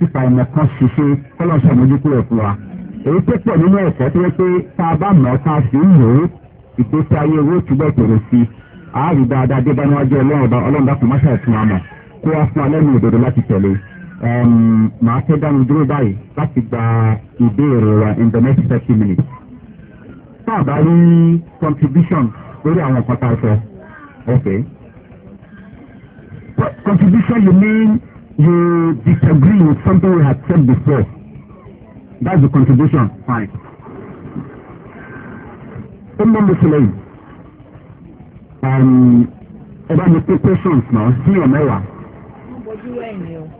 fífa ìmọ̀ kan ṣiṣẹ́ kọ́lọ́ọ̀ṣẹ́ àmójúkú rẹ̀ fún wa. èyí tó pọ̀ nínú ẹ̀kọ́ tó yẹ pé tá a bá mọ̀ ká sí ń lò ó ìgbésí ayé owó túbọ̀ tèrè sí i a rí dáadáa dé bánu ọjọ́ ọlọ́run ọba ọlọ́run dákun máṣá ẹ̀ fún wa mọ̀ kó wá fún alẹ́ ní òdodo láti tẹ̀lé. màá fẹ́ dánu dúró báyìí láti gba ìbéèrè wa in the next thirty minutes. tá a bá rí contribution lórí àwọn nǹkan tá a contribution you mean you disagree with something we have said before. That's the contribution. Fine. Ọmọ Mùsùlùmí, um, ẹ bá mi pé questions náà sí ọ̀mẹ́wàá. Mo bójú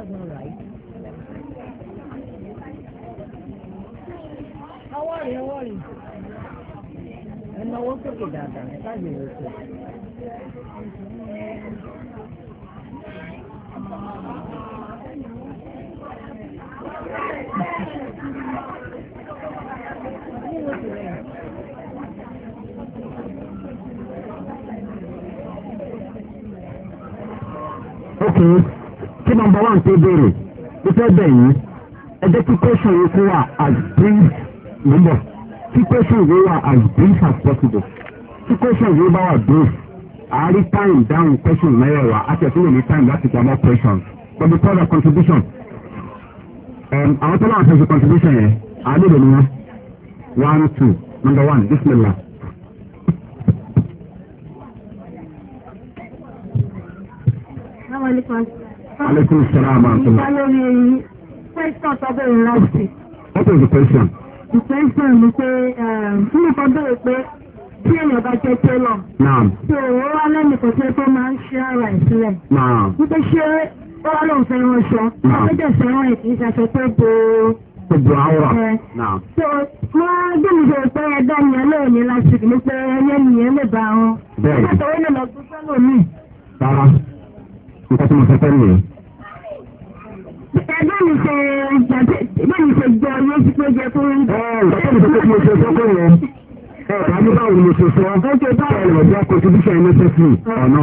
right. How are you? How are you? And now also get that not you Okay. tí nọmba wà ń tó béèrè ìfẹ́ bẹ̀yìn ẹ jẹ́ kí question yìí kó wà as brief níbọ̀ kí question yìí wà as brief as possible kí question yìí bá wà brief àárí time down question mẹ́rẹ̀ẹ̀wá àti ẹ̀sìn lè ní time láti gba more questions but the third contribution um, àwọn tó láwọn fẹsẹ̀ contribution yẹn àálẹ́ ìlú ni wọ́n one two number one This bismillah. Assalamu alaikum. Alaikum salam wa rahmatullahi. Question tọ́bẹ̀ ìrọ̀sì. What is the question? The question ni pé fún mi kan bẹ̀rẹ̀ pé tí èèyàn bá jẹ́ tẹ́lọ̀. Naam. Ṣé o wá lẹ́nu kò tẹ́ tó máa ń ṣe ara ìsílẹ̀? Naam. Wípé ṣé ó wá lóun fẹ́ràn aṣọ? Naam. Ó jẹ́ fẹ́ràn ẹ̀ kì í ṣaṣọ tó bo. Tó bo àwòrán. Naam. So mo gbé mi sọ pé ẹgbẹ́ mi ẹ lóò ní láti ní pé ẹyẹ nìyẹn lè bá wọn. Bẹ́ẹ̀ni. Nígbà tó wọ́n lè lọ gbé fẹ́lò Ẹgbẹ́ni ṣe ìgbẹ́ni ṣe jẹ ọyọ́ sí pé jẹ fún ìgbà. Ọ̀rọ̀ ìgbà tó ṣe sọ́kọ̀ yẹn. Ọ̀pá ní báwo ni mo ṣe sọ? Ó ṣe báyìí. Ẹ̀rọ bí a kò tóbi ṣe ẹni tẹ́sí ọ̀nà.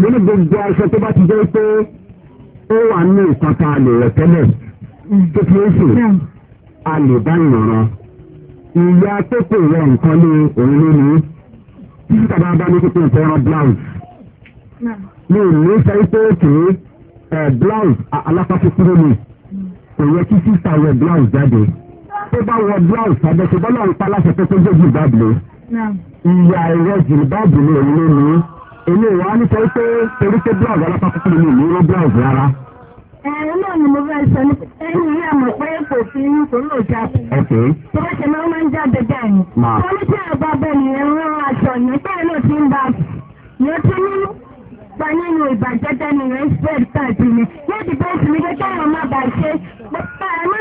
Mo ní gbogbo aṣọ tó bá ti jẹ́ pé ó wà ní ìpàtà àlè rẹ̀ tẹ́lẹ̀. Tó fi ń sùn, a lè bá ìyànràn. Ìyá tó kò rẹ̀ nǹkan ní òun ló ní. Títí tàbá bá ní pípín ìfẹ́ràn blouse. Mi ò ní sọ pé kìí ẹ eh, blouse alápákó kúrò ni kò yẹ kí sísá wẹ blouse jáde tó bá wọ blouse àbẹ̀sẹ̀bọ́ náà ń pa aláṣẹ tó tó gbé jìbáàbù lé ìyá ẹ̀rọ jìbáàbù lé òun ló ní èmi ò wá nítorí pé torí pé blouse alápákó kúrò ni ìlú blouse rárá. ẹ eh, ẹ náà ni mo fẹ́ sọ ní ẹni yà mọ̀ pé kò sí nítorí ò jáde. tó bá ṣe máa máa ń jáde bẹ́ẹ̀ ni. kọ́lí tí àgbà bẹ́ẹ̀ ni ẹ̀rọ aṣọ ìyẹn bẹ́ẹ̀ náà ti ń bá yẹn ti ní pa nínú ìbàjẹ́ tẹ́nu rẹ̀ spread káàkiri yóò ti bẹ́ẹ̀ sí ní pé káwọn má bàa ṣe má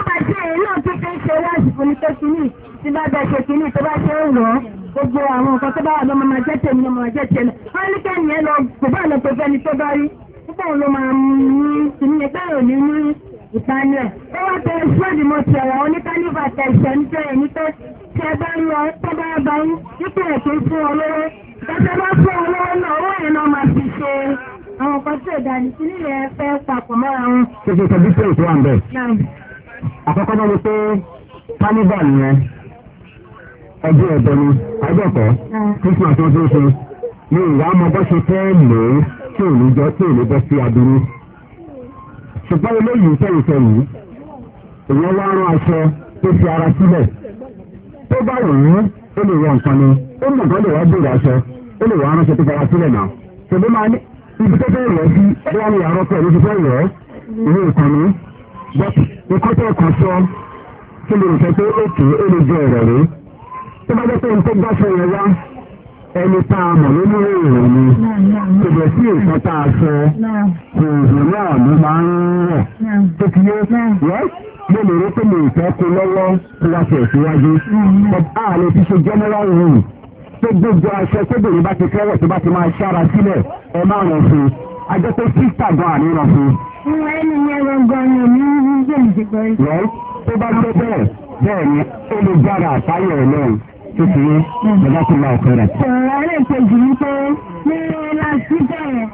bàa ṣe èyí náà tó fẹ́ ṣe wá àsìkò ní tó kìíní tí bá bẹ ṣe kìíní tó bá ṣe ń rọ̀ gbogbo àwọn nǹkan tó bá wà lọ́mọ máa jẹ́ tèmi lọ́mọ máa jẹ́ tèmi wọ́n ní kẹ́ni ẹ lọ kò bá lọ pé fẹ́ni tó bá rí púpọ̀ òun ló máa mú kìíní ẹgbẹ́ òní ní ìpanilẹ̀ ó wá tẹ ṣọ́ọ̀dì mo ti ọ̀rọ̀ oníkánífà tẹ̀sán nítorí ẹni tó ṣe bá ń lọ tó bá bá ń nípìnlẹ̀ tó fún ọ lọ́wọ́ Ìjọba bá fún ọ lọ́wọ́ náà, máa fi ṣe àwọn sí nílẹ̀ ṣe bí sèǹtì wà ń bẹ̀? Àkọ́kọ́ pé Carnival yẹn ni Christmas wọn tó ń ní ìwà ọmọbọ ṣe ara sílẹ̀ tó bá wù ú ó lè nǹkan ni ó lè ó lè wá ránṣẹ́ tó fara sílẹ̀ náà tòbí máa ní ibi tó fẹ́ rọ̀ sí bí wọ́n lè àárọ̀ pẹ̀ ló ti fẹ́ rọ̀ ìwé ìkànnì but nǹkan tó kàn sọ kí lè rò pé òkè ó lè jẹ ọ̀rọ̀ rẹ̀ tó bá jẹ́ pé nǹkan gbàṣọ yẹn wá ẹni tá a mọ̀ nínú èrò ni kò bẹ̀ sí nǹkan tá a sọ òògùn náà ló máa ń rọ̀ tó ti yé yẹ́ mo lè rí pé mi ì fẹ́ kó lọ́wọ́ kó wá tẹ̀ síwájú but a lè fi ṣe general rule tó gbogbo aṣọ tóbìnrin bá ti fẹ́rẹ̀ tó bá ti máa ṣára sílẹ̀ ẹ máa rọ̀ fún un ajọ́ pé sísà gan àní rọ̀ fún un. ìwọ ẹnìyẹn gangan ni mi ń gbé ìdìbò yìí. rẹ tó bá gbé bẹ́ẹ̀ bẹ́ẹ̀ ni ó lè gbára àtàyè ọlọ́run tó ti bàbá tó máa kọ́ rẹ̀. sọ̀rọ̀ ẹ̀rẹ́ kejì ni ní láti bẹ̀rẹ̀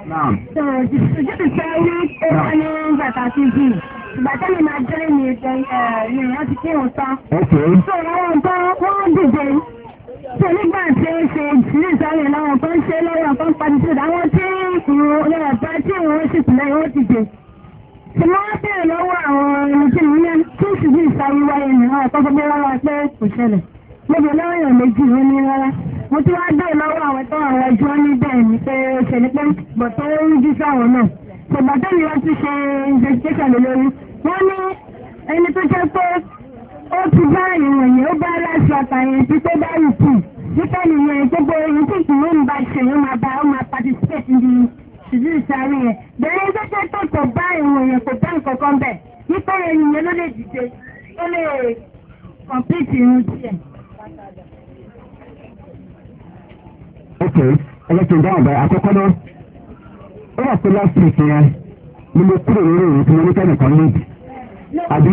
sọ̀rọ̀ ìṣèjọ́ ti fẹ́ rí ó wá ní bàtà síbì ìgbàjẹ́ mi máa jẹ́ ìrìn ìrìn àti sọ̀rọ̀ àwọn nǹkan wọ́n dìde tó nígbà tí ṣe ìṣírí ìsáré láwọn kan ṣe lọ́wọ́ kan pàtàkì àwọn tí ìwọ̀n ọ̀rọ̀ tí ìwọ̀n sì pìlẹ̀ yóò ti dè. tí wọ́n bẹ̀rẹ̀ lọ́wọ́ àwọn ẹni tí mo yẹn tó sì bí ìsáré wáyé nìyẹn ọ̀pọ̀ gbogbo pé kò ṣẹlẹ̀. mo bẹ̀ lọ́wọ́ èèyàn méjì ó ní rárá. mo ti wá bẹ̀rẹ̀ lọ́wọ́ àwọn tó àwọn ẹjọ́ ní bẹ́ẹ̀ ni pé ó ṣẹlẹ̀ pé bọ̀tọ́ ó ń jí sáwọn náà. ṣùgbọ́n tó ti ṣe investigation lórí. wọ́n ní ẹni tó jẹ́ pé otu ti bá ìròyìn ó bá láṣọ àtàyàn tí tó bá rù kù nípa nìyẹn gbogbo ohun tí kì ń ba ṣe ló máa bá ó máa participate ní ìṣíjú ìsáré yẹn bẹ̀rẹ̀ gbẹ́gbẹ́ tó kò bá ìròyìn kò bá nǹkan kan bẹ̀ nípa ló lè dìde ó complete irun ok dáhùn báyìí àkọ́kọ́ náà ó wà pé ni mo kúrò àbí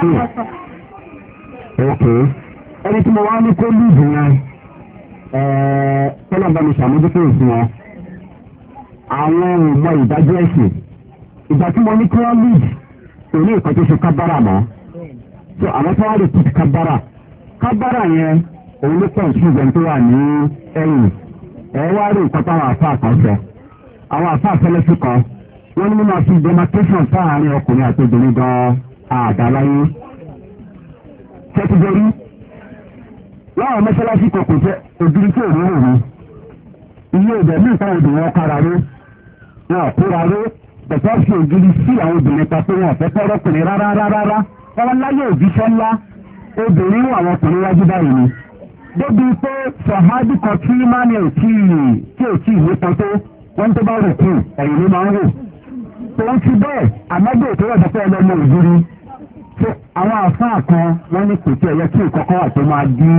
two weeks ok ẹni tí mo wá ní kó lùzù yẹn tọ́lá eh, bá mi ṣàmójútó òsì wọn àwọn ò ìdájọ́ ẹ̀sìn ìgbà tí mo ní kí wọ́n lùzù kò ní ṣe kábàrà mọ́ so àwọn tó wá lè kábàrà kábàrà yẹn òun ló pọ̀ sí ìgbẹ́ni tó wọ́n ní nínú àti demarcation sáàárín ọkùnrin àti obìnrin gan àdáláyé tẹ́tíjẹ́rí láwọn mọ́ṣáláṣí kọ̀ọ̀kan jẹ́ ògiri tí òun rò rí iye ìbẹ̀ mí nǹkan obìnrin ọkara ró wọn kóra ró bẹ̀tọ́ fi ògiri sí àwọn obìnrin pa pé wọn ọ̀fẹ́ pọ́rọ́kùnrin rárá rárá rárá wọn láyé òjíṣẹ́ ńlá obìnrin wà wọn ọkùnrin wájú báyìí ni débi pé sọ̀hádìkọ̀ tí mánìí ò tí ì tí ò tí ì nípa tó wọ́n tó bá rò kù ẹ̀yìn ló máa ń rò òun ti bẹ́ẹ̀ àmọ́dé ètò ìwà ìdọ́fẹ́ ọlọ́mọ ògiri tó àwọn àfáà kan wọ́n ní pèsè ẹ̀yẹ kí ìkọ́kọ́ wà tó máa dí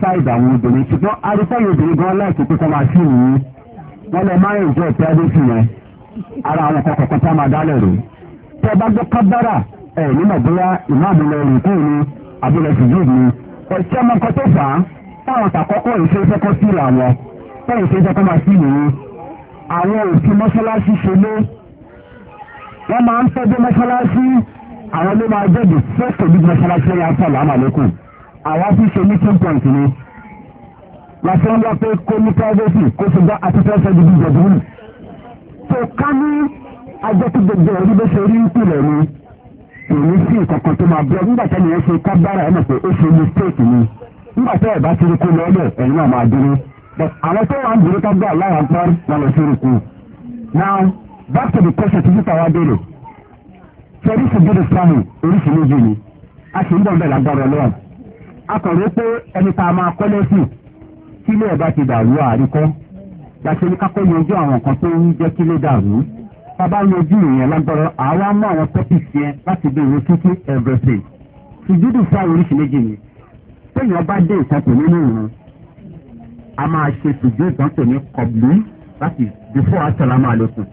ṣáìdì àwọn obìnrin ṣùgbọ́n arúgbáyé obìnrin gan láìpẹ́ pé kọ́ máa sí ìwú wọ́n lọ máa ń jọ ìpẹ́ẹ́dẹ́sì yẹn ara àwọn kan kọ̀ọ̀kan tá máa dálẹ̀ rè tẹ́ bá gbọ́ kábàrà ẹ̀ nínú ọ̀bọ̀yá ìmáàmù lọ rìn kúrò ní abúlé sùdíù ni ọ̀sẹ̀ ọmọ kan tó fà á táwọn tàkọ́kọ́ ìṣeéṣẹ́ kan sí ìlà wọn táwọn ìṣeéṣẹ́ kan máa sí ìwú àwọn òfin mọ́ṣáláṣí ṣe lé wọ́n máa ń tọ́jú mọ́ṣáláṣí àwọn ló máa jẹ́ the first to big mọ́ṣáláṣí ẹ̀yà sọ̀lá àmàlẹ́kùn àwa fi ṣe meeting point ni láti ń wá pé kó ní privacy kó ti gbá afẹ́fẹ́fẹ́ di bíjọ dúró tó ká ní ajẹ́kígbègbè orí bó ṣe rí ìpìlẹ̀ ni èmi sí ìkọ̀kan tó máa bọ́ nígbà tẹ́lẹ̀ yẹn ṣe kábàárà ẹ̀ mọ̀ pé ó ṣe mistake ni nígbà tẹ́ ẹ̀ bá ti rí kó lọ́ọ́lẹ̀ ẹ̀yin náà máa dúró but àwọn tó wà ń dúró kábàárà láwọn pọ́n wọn lọ sí ìrìkú now back to the question tí sísá wa béèrè fẹ́rí ṣùgbọ́n ìsìlámù oríṣi méjì ni a sì ń bọ̀ bẹ́ẹ̀ lágbára ọlọ́run akọ̀wé pé ẹni tá a máa kọ́ lẹ́sìn kí ilé ẹ̀bá ti dàrú àríkọ́ láti ní kákó yanjú àwọn nǹkan tó ń jẹ́ kí ló dàrú bàbá yanjú ìyẹn lágbára àwa mú àwọn topics yẹn láti bí ìwé títí everything ṣùgbọ́n ìsìlámù oríṣi méjì ni téèyàn bá dé ìtọ́pẹ̀ nínú ìrún a máa ṣe ṣùgbọ́n ìtọ́pẹ̀ ní kọ̀bí láti before asalaamu alaykum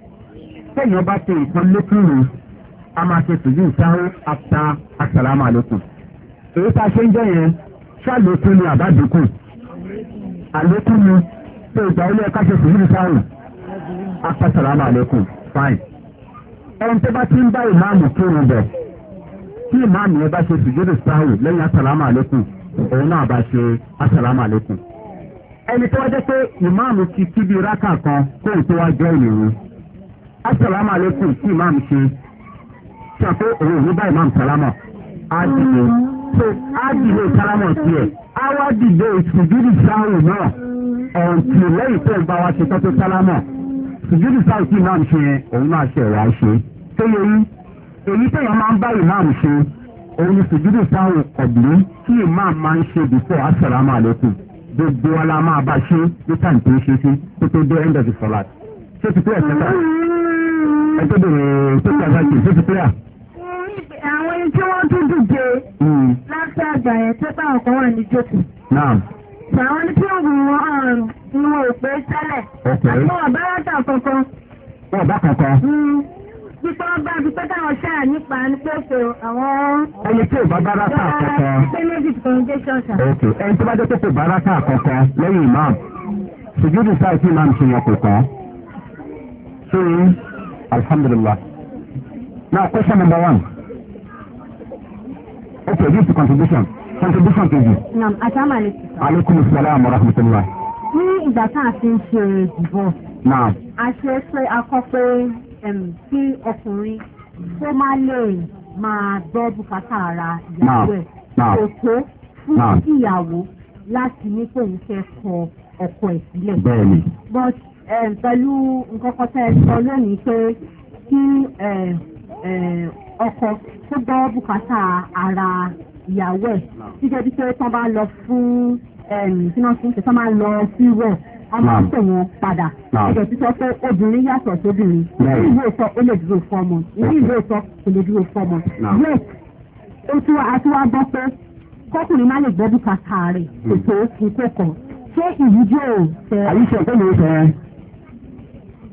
tẹ̀yìn ọba ṣe nǹkan lókùnrin a máa ṣe tòjú ìsáwó apta asàlámù àlékún èyí tá a ṣe ń jẹ́ yẹn ṣàlékún ni àbádùkù àlékún ni pé ìgbà ilé ẹ̀ka ṣe tòjú ìsáwó apta asàlámù àlékún fine ẹni tó bá ti ń bá ìmáàmù kírun bẹ̀ tí ìmáàmù yẹn bá ṣe tòjú ìsáwó lẹ́yìn asàlámù àlékún òun náà bá ṣe asàlámù àlékún ẹni tó wá jẹ́ pé ìmáàmù ti kíbi rákà kan kó ì asalaamu aleykum tí imam ṣe ṣàpé òun ò bá imam salama á dìde so á salama tiẹ̀ á wá dìde ìsùjúdì sáwù náà ọ̀ǹtì lẹ́yìn tó ń bá wa ṣe tọ́tò salama ìsùjúdì sáwù tí imam ṣe yẹn òun náà ṣe ẹ̀rọ àṣe tó yẹ yín èyí tẹ̀yàn máa ń bá imam se òun ni ìsùjúdì sáwù ọ̀bìnrin tí imam máa ń ṣe bìfọ̀ asalaamu aleykum gbogbo wa la máa bá ṣe ní tàǹtí ṣe sí kó dé end of ṣé ti pẹ́yà ẹ tó bèrè ṣẹ́ta ṣáàkì ṣé ti pẹ́yà. àwọn ẹni tí wọ́n tún dùje hmm. láti àgbà yẹn tẹ́tà ọ̀kan wà ní jókòó. àwọn ẹni tí wọ́n gùn wọn ọ̀rùn ni wọn ò pé tẹ́lẹ̀ àti wọn ọ̀bá látà kankan. wọn ọ̀bá kankan. Gbígbọ́ hmm. bá ti pẹ́ táwọn ṣáà nípa ní àwọn. Ẹni tí ò bá bá rákà àkọ́kọ́. Ṣé méjì congregation bá jẹ́ pé kò bá rákà àkọ́kọ́ lẹ́yìn imam. So, hmm. Alhamdulillah. Now, question number one. Okay, this is contribution. Contribution to you. Naam, assalamu alaikum. Alaikum assalam wa rahmatullah. Ní ìgbà tá a fi ń ṣe ìbò. Naam. A ṣe pé a kọ́ pé kí ọkùnrin tó máa lè máa gbọ́ bùkátà ara ìyàwó ẹ̀. Kò tó fún ìyàwó láti ní kóun fẹ́ kọ ọkọ ẹ̀ sílẹ̀. Bẹ́ẹ̀ni. But Eh, pẹ̀lú nǹkan kan tẹ́ ẹ sọ lónìí pé kí eh, eh, ọkọ tó gbọ́ bùkátà ara ìyàwó ẹ̀ jíjẹ́ bí pé tán bá lọ fún tí wọ́n fún tán bá lọ sí rẹ̀ a máa ń pè wọn padà ẹ̀jẹ̀ sísọ pé obìnrin yàtọ̀ sóbìnrin ní ìlú ìsọ ó lè dúró fọmọ ní ìlú ìsọ kò lè dúró fọmọ yóò ó tún a tún wá gbọ́ pé kọ́kùnrin má lè gbọ́ bùkátà rẹ̀ kò hmm. tó kú kó kàn ṣé ìrújọ́ ò fẹ́. àyíṣe ọ̀pẹ́ mi ò fẹ́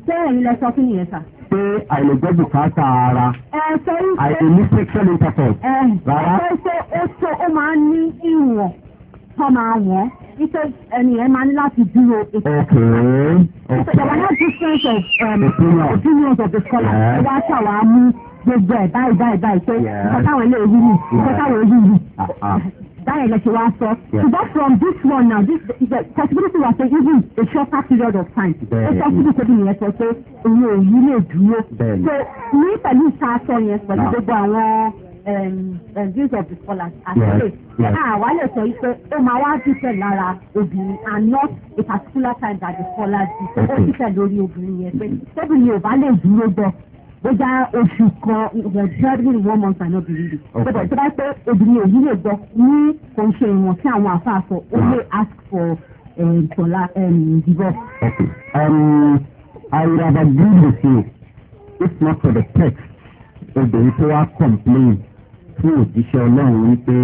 bẹ́ẹ̀ni lẹ sọ fún ìyẹn sà. pé àìlègbọ́ bùkátà ara àìlèmí sexual intercourse. rárá ẹ ṣe ó tó ó máa ń ní ìwọ̀n tó máa wọ̀n ife ẹni ẹ máa ní láti dúró ètò ìjọba náà difference of um, opinions of the scholar ẹ wá ṣàwámú gbogbo ẹ̀ báyìí báyìí báyìí pé ìkọ́táwọn ilé ìwúrí ìkọ́táwọn ìwúrí. That is what you ṣe for, sọ ṣùgbọ́n from this one now this the possibility was say even a shorter period of time ó sọ síbi tó bí yẹn sọ pé òun ò yí lè dúró so ní pẹ̀lú ìta aṣọ yẹn pẹ̀lú ah. gbogbo àwọn views of the scholars àtúnṣe àwa lè sọ wípé ó máa wá dúpẹ́ lára obìnrin and not a particular time that the scholars do ó dúpẹ́ lórí obìnrin yẹn pé tóbi ni ò bá lè dúró bẹ́ẹ̀ bóyá oṣù kan wọ́n driving one month and not believe it. bẹ́ẹ̀ bá pẹ́ obìnrin òbí lè gbọ́ ní kò ìwọ̀n sí àwọn àfáà ó lè ask for eh, tọ́lá eh, divorce. okay um, I would have agreed with you if not for the text obìnrin tó wá complain fún òjíṣẹ́ ọlọ́run wípé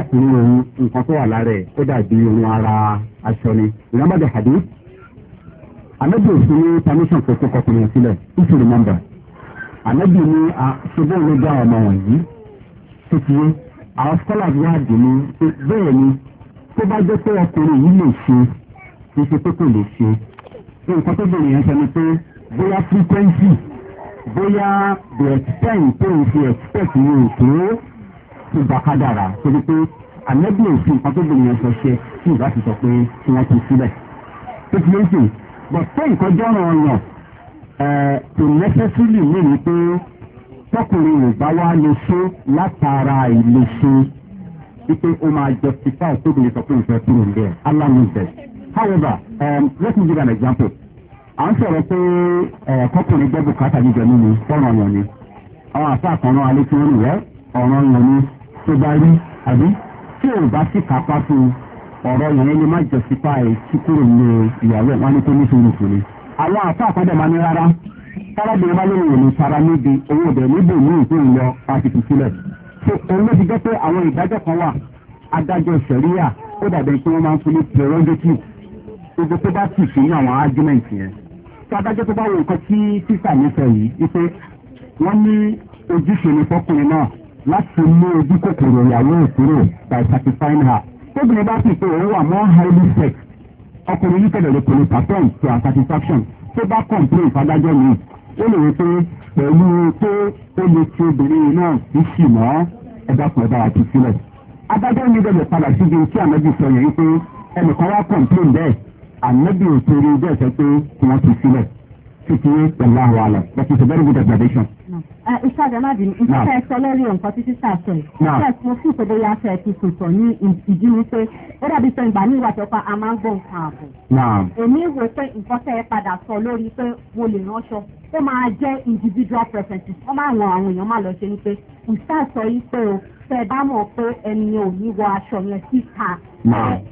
ọkùnrin òun nǹkan tó wà lára ẹ̀ ó dàbí ohun ara aṣọ ni remember the hadith anabi ò fún ní permission kò tó kọkùnrin yẹn sílẹ̀ if you remember anabi ní ṣùgbọ́n ló dá ọmọ wọ̀nyí tó ti yé àwọn scholars wá dì ní bẹ́ẹ̀ ni tó bá jẹ́ pé ọkùnrin yìí lè ṣe kì í ṣe pé kò lè ṣe nǹkan tó bẹ̀rẹ̀ yẹn sọ ni pé bóyá frequency bóyá the extent tó ń fi expect ní òkè ti bàkádàrà torí pé anabi ò fi nǹkan tó bẹ̀rẹ̀ yẹn sọ ṣe tí ìgbà ti sọ pé kí wọ́n ti sílẹ̀ tó ti lè ṣe but pé nǹkan jọ́ràn ọ̀yàn kò necessarily ní ni pé tọkùnrin ò bá wá lè ṣe látara ìlè ṣe wípé ó máa justify tóbi sọ pé ìfẹ́ kúrò ń bẹ̀ alámùbẹ̀. however um, let me give an example à ń sọ̀rọ̀ pé kọkùnrin gbẹ́ bùkátà jíjẹ nínú fọ́nrán ọ̀yàn ni àwọn àfa kan rán alẹ́ tí wọ́n rìn rẹ́ ọ̀ràn ọ̀yàn ni tó bá rí àbí tí ò bá sì kápá fún un. ọ̀rọ̀ yẹn lè má jọ̀sípa ẹ̀ tí kúrò ní ìyàwó ẹ̀ wọ́n ní tó ní sùúrù fún àwọn àfa àpàdé máa ní rárá tábàbìnrin bá lóun ò ní tara níbi owó ọ̀dẹ̀ níbò ní ìpín lọ láti sílẹ̀. tó òun kan wà adájọ́ sẹ̀ríyà ó dàbẹ̀ pé wọ́n máa ń fún ní prerogative gbogbo tó bá sì fi ní àwọn argument yẹn. tó adájọ́ tó bá wo nǹkan tí sísà mi yìí wọ́n ní by tóbìnrin bá sì pé òun wà mọ́ highly sex ọkùnrin yìí kẹ̀lẹ̀ lè kò lè perform to her satisfaction tó bá complain fadájọ́ mi ó lè wọ́n pé pẹ̀lú pé ó lè ti obìnrin náà sí sì mọ́ ẹ̀dàkùn ẹ̀dá àti sílẹ̀. adájọ́ mi bẹ̀rẹ̀ padà síbi tí ànábì sọ yẹn pé ẹnìkan wá complain bẹ́ẹ̀ ànábì ò torí bẹ́ẹ̀ sọ pé kí wọ́n ti sílẹ̀ títí pẹ̀lú àwọn àlọ́ that is a very good observation ìṣàjọ má bínú nǹkan fẹ́ sọ lórí nǹkan títí sàṣọ yìí bẹ́ẹ̀ mo fún ìpèdè ya fẹ́ ti sòtọ̀ ní ìdí ni pé ó dàbí pé ìgbà ní ìwàjọ pa a máa ń gbọ́ nǹkan ààbò. èmi rò pé nǹkan fẹ́ padà sọ lórí pé mo lè ránṣọ ó máa jẹ́ individual preferences wọ́n máa ran àwọn èèyàn má lọ ṣe ni pé ìṣàṣọ yìí pé o tẹ bá mọ̀ pé ẹni ò ní wọ aṣọ yẹn síta.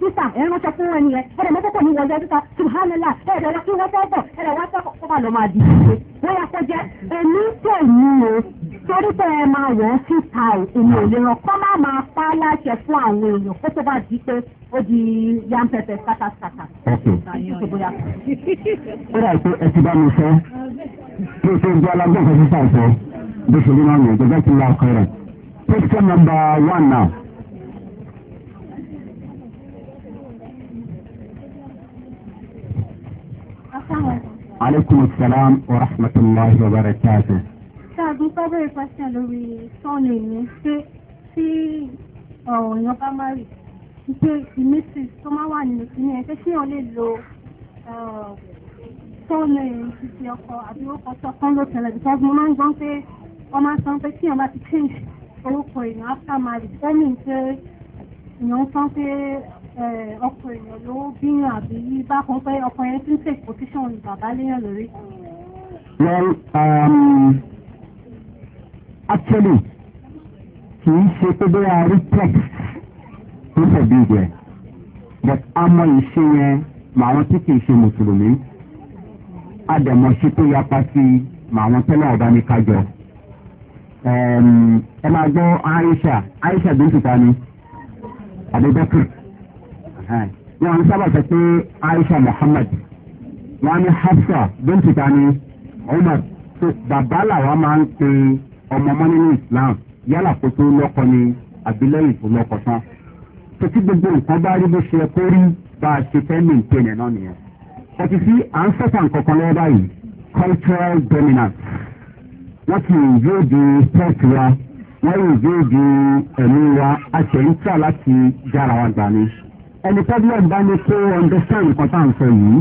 síta ẹ ránṣọ fún ẹni yẹn ẹ̀rẹ̀ mọ́tòkò ní wọlé síta subhanallah ẹ̀rẹ̀ wá kí wọ́n fẹ́ bọ̀ ẹ̀rẹ̀ wá fẹ́ kọ́ bá lọ máa di ìṣe. wọ́n yà kó jẹ́ èmi tẹ̀ mí o torí pé ẹ máa wọ̀ ọ́ síta o èmi ò lè ràn kọ́ má máa pa láṣẹ fún àwọn èèyàn kó tó bá di pé ó di yam pẹpẹ kátàkátà. ó dà pé ẹ ti bá mi fẹ́ kí o tó ń gbọ́ alágbọ̀n kan sísà fẹ́ bí o ṣe ní máa ń yẹ Question number one now. Aleykum salaam wa rahmatulahi wa barakatu. Ṣáàgùn fẹ́ bẹ̀rẹ̀ question lórí sọ́ọ̀nù mi ṣé tí uh, èèyàn bá má rí pé ìmísì tó máa wà nínú sí ní ẹ̀ ṣé èèyàn lè lo sọ́ọ̀nù ẹ̀yìn títí ọkọ̀ àbí ó kọ́ sọ́kàn ló tẹ̀lé because mo máa ń gbọ́n pé wọ́n máa ń sọ pé tí bá ti change orúkọ èèyàn after marriage ẹni pé èèyàn eh, tán pé ọkọ èèyàn ló bíyàn àbí bákan pé ọkọ yẹn ti ń take position bàbá well um, actually kì í ṣe pé bóyá rí text tó tẹ̀lé ìgbẹ́ but àmọ́ ìṣe yẹn màwọn tí kì í ṣe mùsùlùmí àdẹ̀mọ̀ṣe tó yapa sí màwọn tẹ́lẹ̀ ọ̀dá ẹ máa gbọ́ aisha aisha bí ti ta ni abubakar wọn sábà sọ pé aisha muhammad wọn ní hafsa bí ti ta ni umar tó bàbá làwọn máa ń pe ọmọ ọmọ nínú islam yálà kó tó lọ́kọ ni àbílẹ̀yìn tó lọ́kọ tán tó gbogbo nǹkan bá rí bó ṣe kó rí bá a ṣe fẹ́ mi ìpè yẹn náà nìyẹn wọ́n ti fi à ń sọ́kà nǹkankan lọ́wọ́ báyìí cultural dominance wọ́n ti yóò di tẹ́ẹ̀tì wa láyé ìbéèdì ẹ̀mí wa a ṣe ń tà láti jára wa gbà ni. ẹni pẹ́bílẹ̀ bá ní kó understand nǹkan tá à ń sọ yìí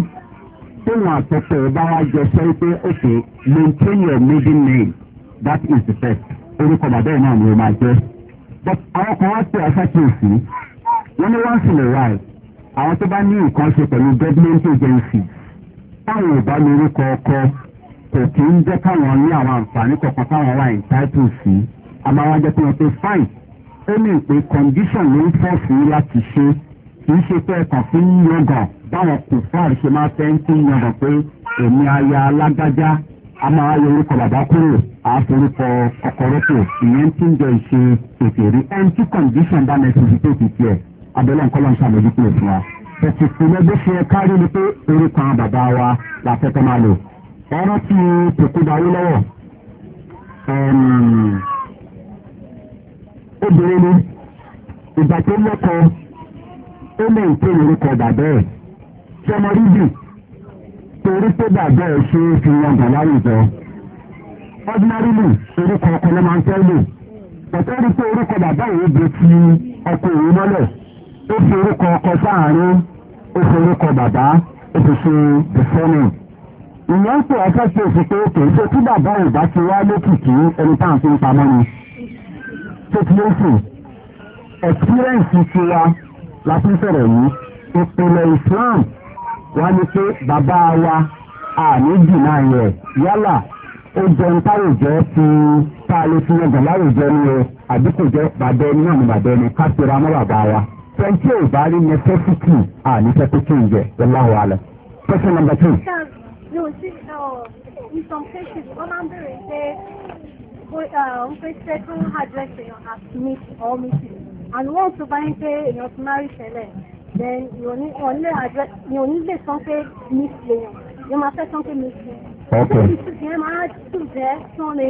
tóun àtọ̀tọ̀ bá wa jọ sọ pé ok maintain your maiden name that is the best orúkọ bàbá ẹ̀ náà ni o máa jẹ́. but àwọn kan wá pè àṣàkíyèsí wọ́n ní once in a while àwọn tó bá ní nǹkan ṣe pẹ̀lú government agency táwọn ò bá lórúkọ ọkọ kò kí ń jẹ́ káwọn ní àwọn àǹfààní kọ̀ọ̀kan táwọn wà entitled sí àmọ́ àwọn ajẹ́ pé wọ́n pe fine ó ní pé condition ló ń fọ́ fún yín láti ṣe kì í ṣe pé ẹ̀kan fún yọ̀gàn báwọn kò fáàrí ṣe máa fẹ́ ń kí yọ̀gàn pé èmi aya alágájá a máa yọ orúkọ bàbá kúrò àforúkọ kọkọrọpọ ìyẹn tí ń jọ ìṣe ètò rí ẹni tí condition bá necessary tó ti tiẹ̀ abẹ́lẹ́ nǹkan lọ́n ṣàmójútó fún wa ẹ̀sìn ìpínlẹ̀ bó ṣe kárí ni pé orúkọ àwọn bàbá wa la fẹ́ kọ́ máa lò ọ̀rọ̀ tí tòkúdà ayé lọ́wọ́ um, obìnrin ni ìgbà tó lọ́kọ ó lè tó orúkọ bàbá ẹ̀ sọmọ rídì torí pé bàbá ẹ̀ ṣe é fi wọn gbà láwùjọ ordinarily orúkọ ọkọ ló máa ń fẹ́ lò ọ̀tọ́ rí pé orúkọ bàbá yìí di ti ọkọ òun mọ́lẹ̀ ó fi orúkọ ọkọ sáàárín ó fi orúkọ bàbá ó fi ṣe ìfẹ́nù ìyẹn ń pè ọ́ fẹ́ ṣe òfin pé kì í ṣe tí bàbá ò bá ti wá lókìkí ẹni tá à ń fi ń pamọ́ ni tó fi ń sùn ẹ̀kírẹ́ǹsì ti wa la fi ń sọ̀rọ̀ yìí ìpìlẹ̀ Islam wá ní pé bàbá wa àní dìnnà yẹ yálà ó jẹun táwùjọ ti tá a lè fi yan gàn láwùjọ ni o àbí kò jẹ bàbá ẹni náà ni bàbá ẹni ká pera mọ́ bàbá wa twenty eight bá rí necessity àní tẹ́tí kí n jẹ lọ́láhùn alẹ́ question number two. no see uh, in some cases wọ́n máa ń bèrè pé ń pé second address èèyàn as meet or meeting and once tó bá say pé èèyàn ti marry tẹ́lẹ̀ then èèyàn ní lè sọ pé miss lèèyàn èèyàn máa fẹ́ sọ pé miss lèèyàn. ok ìyẹn máa tún jẹ́ sọ́nà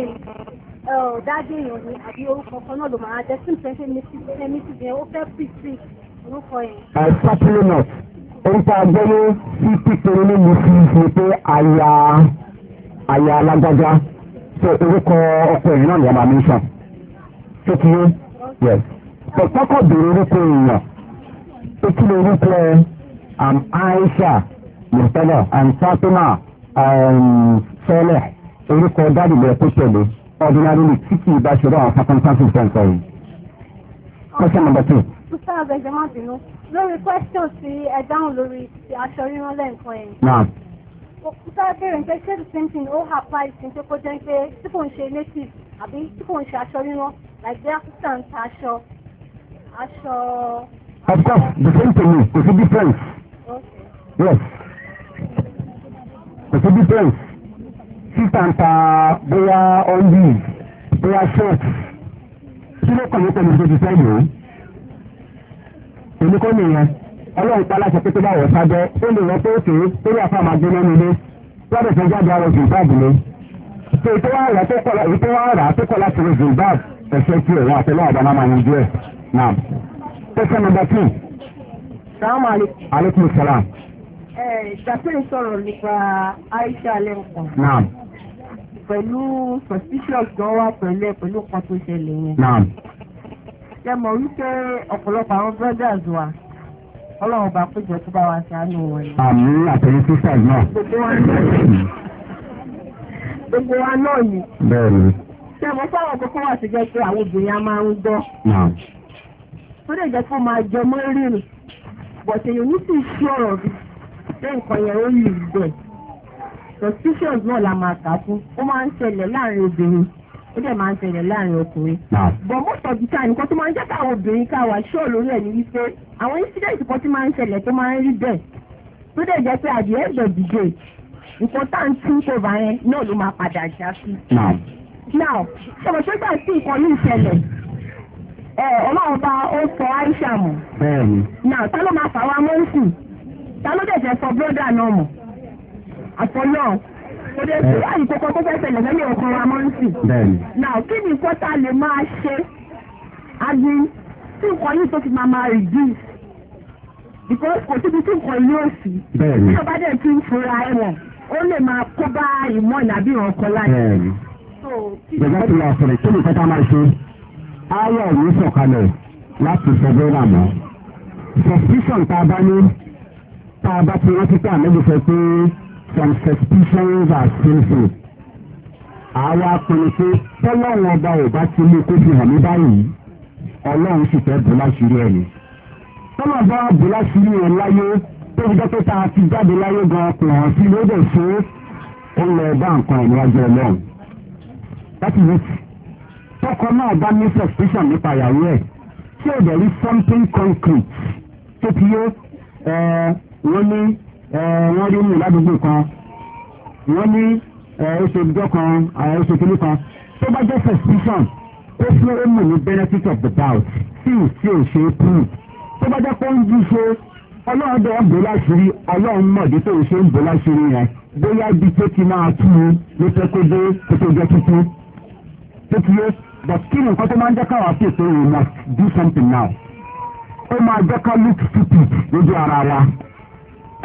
dájú èèyàn ni àbí orúkọ kan náà ló máa jẹ́ tún jẹ́ pé miss lèèyàn ó fẹ́ pìtì orúkọ yẹn. ẹ̀ sátúrú náà orúkọ agbẹ́lẹ́ sí pípẹ́ nínú mi fi ṣe pé àyà àyà alágbájá so orúkọ ọkọ yìí náà ni ọmọ mi sàn tó ti yẹ pọ̀pọ́kọ̀ bèrè orúkọ èèyàn tó kí lè orúkọ am Aisha murtala am Fatima um, sọlẹ orúkọ dáàbì lẹ tó tẹ̀lé ordinary league tí kì í bá ṣe lọ́wọ́ circumstances fẹ́ nǹkan yìí. question number two. mr abẹjẹ má bínú lórí question tí ẹ dáhùn lórí aṣọ ríran lẹ́ǹkan yẹn òkúta bèrè pé ṣé the apply sí pé kó jẹ́ pé native àbí tí kò ń ṣe aṣọ like bí africa ń ta aṣọ aṣọ. of course the same thing kò sí difference. Okay. yes kò sí difference. sísà ń ta bóyá ọ́nbí bóyá short kí ló kàn ní pẹ̀lú ìgbésí sẹ́yìn o èmi kọ́ nìyẹn ọlọ́run pa aláṣẹ pé tó bá wọ̀ sábẹ́ ó lè rọ pé ó kéré tó ní àfa máa gbóná nílé lọ́dọ̀ fún jáde àwọn zimbabwe ni. tó tó wá rà tó kọ́lá èyí tó wá rà tó kọ́lá kiri zimbabwe ẹ̀fẹ́ tí ẹ̀rọ àtẹlẹ́ àbáná máa ń jẹ́ náà. tẹ́sán nọmba two. sàmà aleykum salaam. ẹ ṣàfihàn sọ̀rọ̀ nípa aisha lẹ́nkàn. náà. pẹ̀lú suspicious gan wá pẹ̀lú ẹ̀ pẹ̀lú kan tó ṣẹlẹ̀ yẹn. náà. ṣe mọ̀ wípé ọ̀pọ̀lọpọ̀ àwọn brothers wa ọlọ́run bá péjọ tó bá wa ṣàánú wọn ni. àmì àtẹ̀yìn sisters náà. gbogbo wa náà ni. bẹ́ẹ̀ni. ṣé mo fọwọ́ kọ́kọ́ wà sí jẹ́ pé àwọn obìnrin a máa ń gbọ́. tó lè jẹ́ kó máa jọ mọ́ rírì bọ̀tẹ̀ yòóní sì ṣí ọ̀rọ̀ bí pé nǹkan yẹn ó yìí gbẹ̀. suspicions náà la máa kà fún ó máa ń ṣẹlẹ̀ láàrin obìnrin. ó dẹ̀ máa ń ṣẹlẹ̀ láàrin ọkùnrin. bọ̀ most of the time nǹkan tó máa ń jẹ́ káwọn obìnrin káwa ṣọ́ọ̀ lórí ẹ̀ ni wípé àwọn incident kan tó máa ń ṣẹlẹ̀ tó máa ń rí bẹ́ẹ̀ tó dẹ̀ jẹ́ pé at the end of nǹkan tá à ń tún bá yẹn náà ló máa padà já sí. now ṣọ̀rọ̀ tó gbà sí nǹkan ní ìṣẹ̀lẹ̀ ọlọ́run bá ó mọ̀. now máa fà wá dẹ̀ fẹ́ náà mọ̀ kò lè sí àìkókò tó fẹ́ ṣẹlẹ̀ lẹ́yìn ọkàn wa mọ́ ń sì. bẹ́ẹ̀ni. now kí ni nǹkan tá a lè máa ṣe adi tí nǹkan yìí tó fi máa máa reduce because kò síbi tí nǹkan yìí ò sí. bẹ́ẹ̀ni. bí ọba dẹ̀ ti ń fura ẹ̀wọ̀n ó lè máa kó bá ìmọ̀ ìnàbí ọkọ̀ láyé. bẹ́ẹ̀ni. gbẹgbẹ́ tó lọ sọ̀rọ̀ kí ni nǹkan tá a máa ṣe ayọ̀ ní sọ̀kalẹ̀ láti sọ bẹ́ẹ̀ nà mọ́ suspicion tá a bá ní tá a bá ti rántí pé àmì some suspicions are sinful. àwa pinnu pé tọ́lọ́run ọba ò bá ti mú kó fi hàn mí báyìí ọlọ́run sì fẹ́ bù láṣìírí ẹ̀ ni. tọ́lọ́run bá bù láṣìírí ẹ̀ láyé tó fi dọ́pẹ́ tá a ti jáde láyé gan kò hàn sí ló dẹ̀ ó lọ bá nǹkan ìníwájú ọlọ́run. that is it. tọkọ náà bá ní suspicion nípa ìyàwó ẹ̀ tí ò something concrete tó fi yé wọ́n ní. Eh, wọ́n rí mi ládùúgbò kan wọ́n ní oṣù eh, ìjọ kan oṣù kìíní kan tó bá jẹ́ suspicion ó fún ẹ̀mù ní benefit of the doubt tí ì sí òṣè prove tó bá jẹ́ pé ó ń jí ṣe ọlọ́run bẹ́ẹ̀ ń bò láṣìírí ọlọ́run mọ̀dé tó ṣe ń bò láṣìírí yẹn bóyá ibi tó ti máa tú u ló fẹ́ kó dé kó tó jẹ́ tuntun tó ti yé but kí ni nǹkan tó máa ń jẹ́ káwá sí ètò we must do something now ó máa jẹ́ ká look stupid lójú ara wa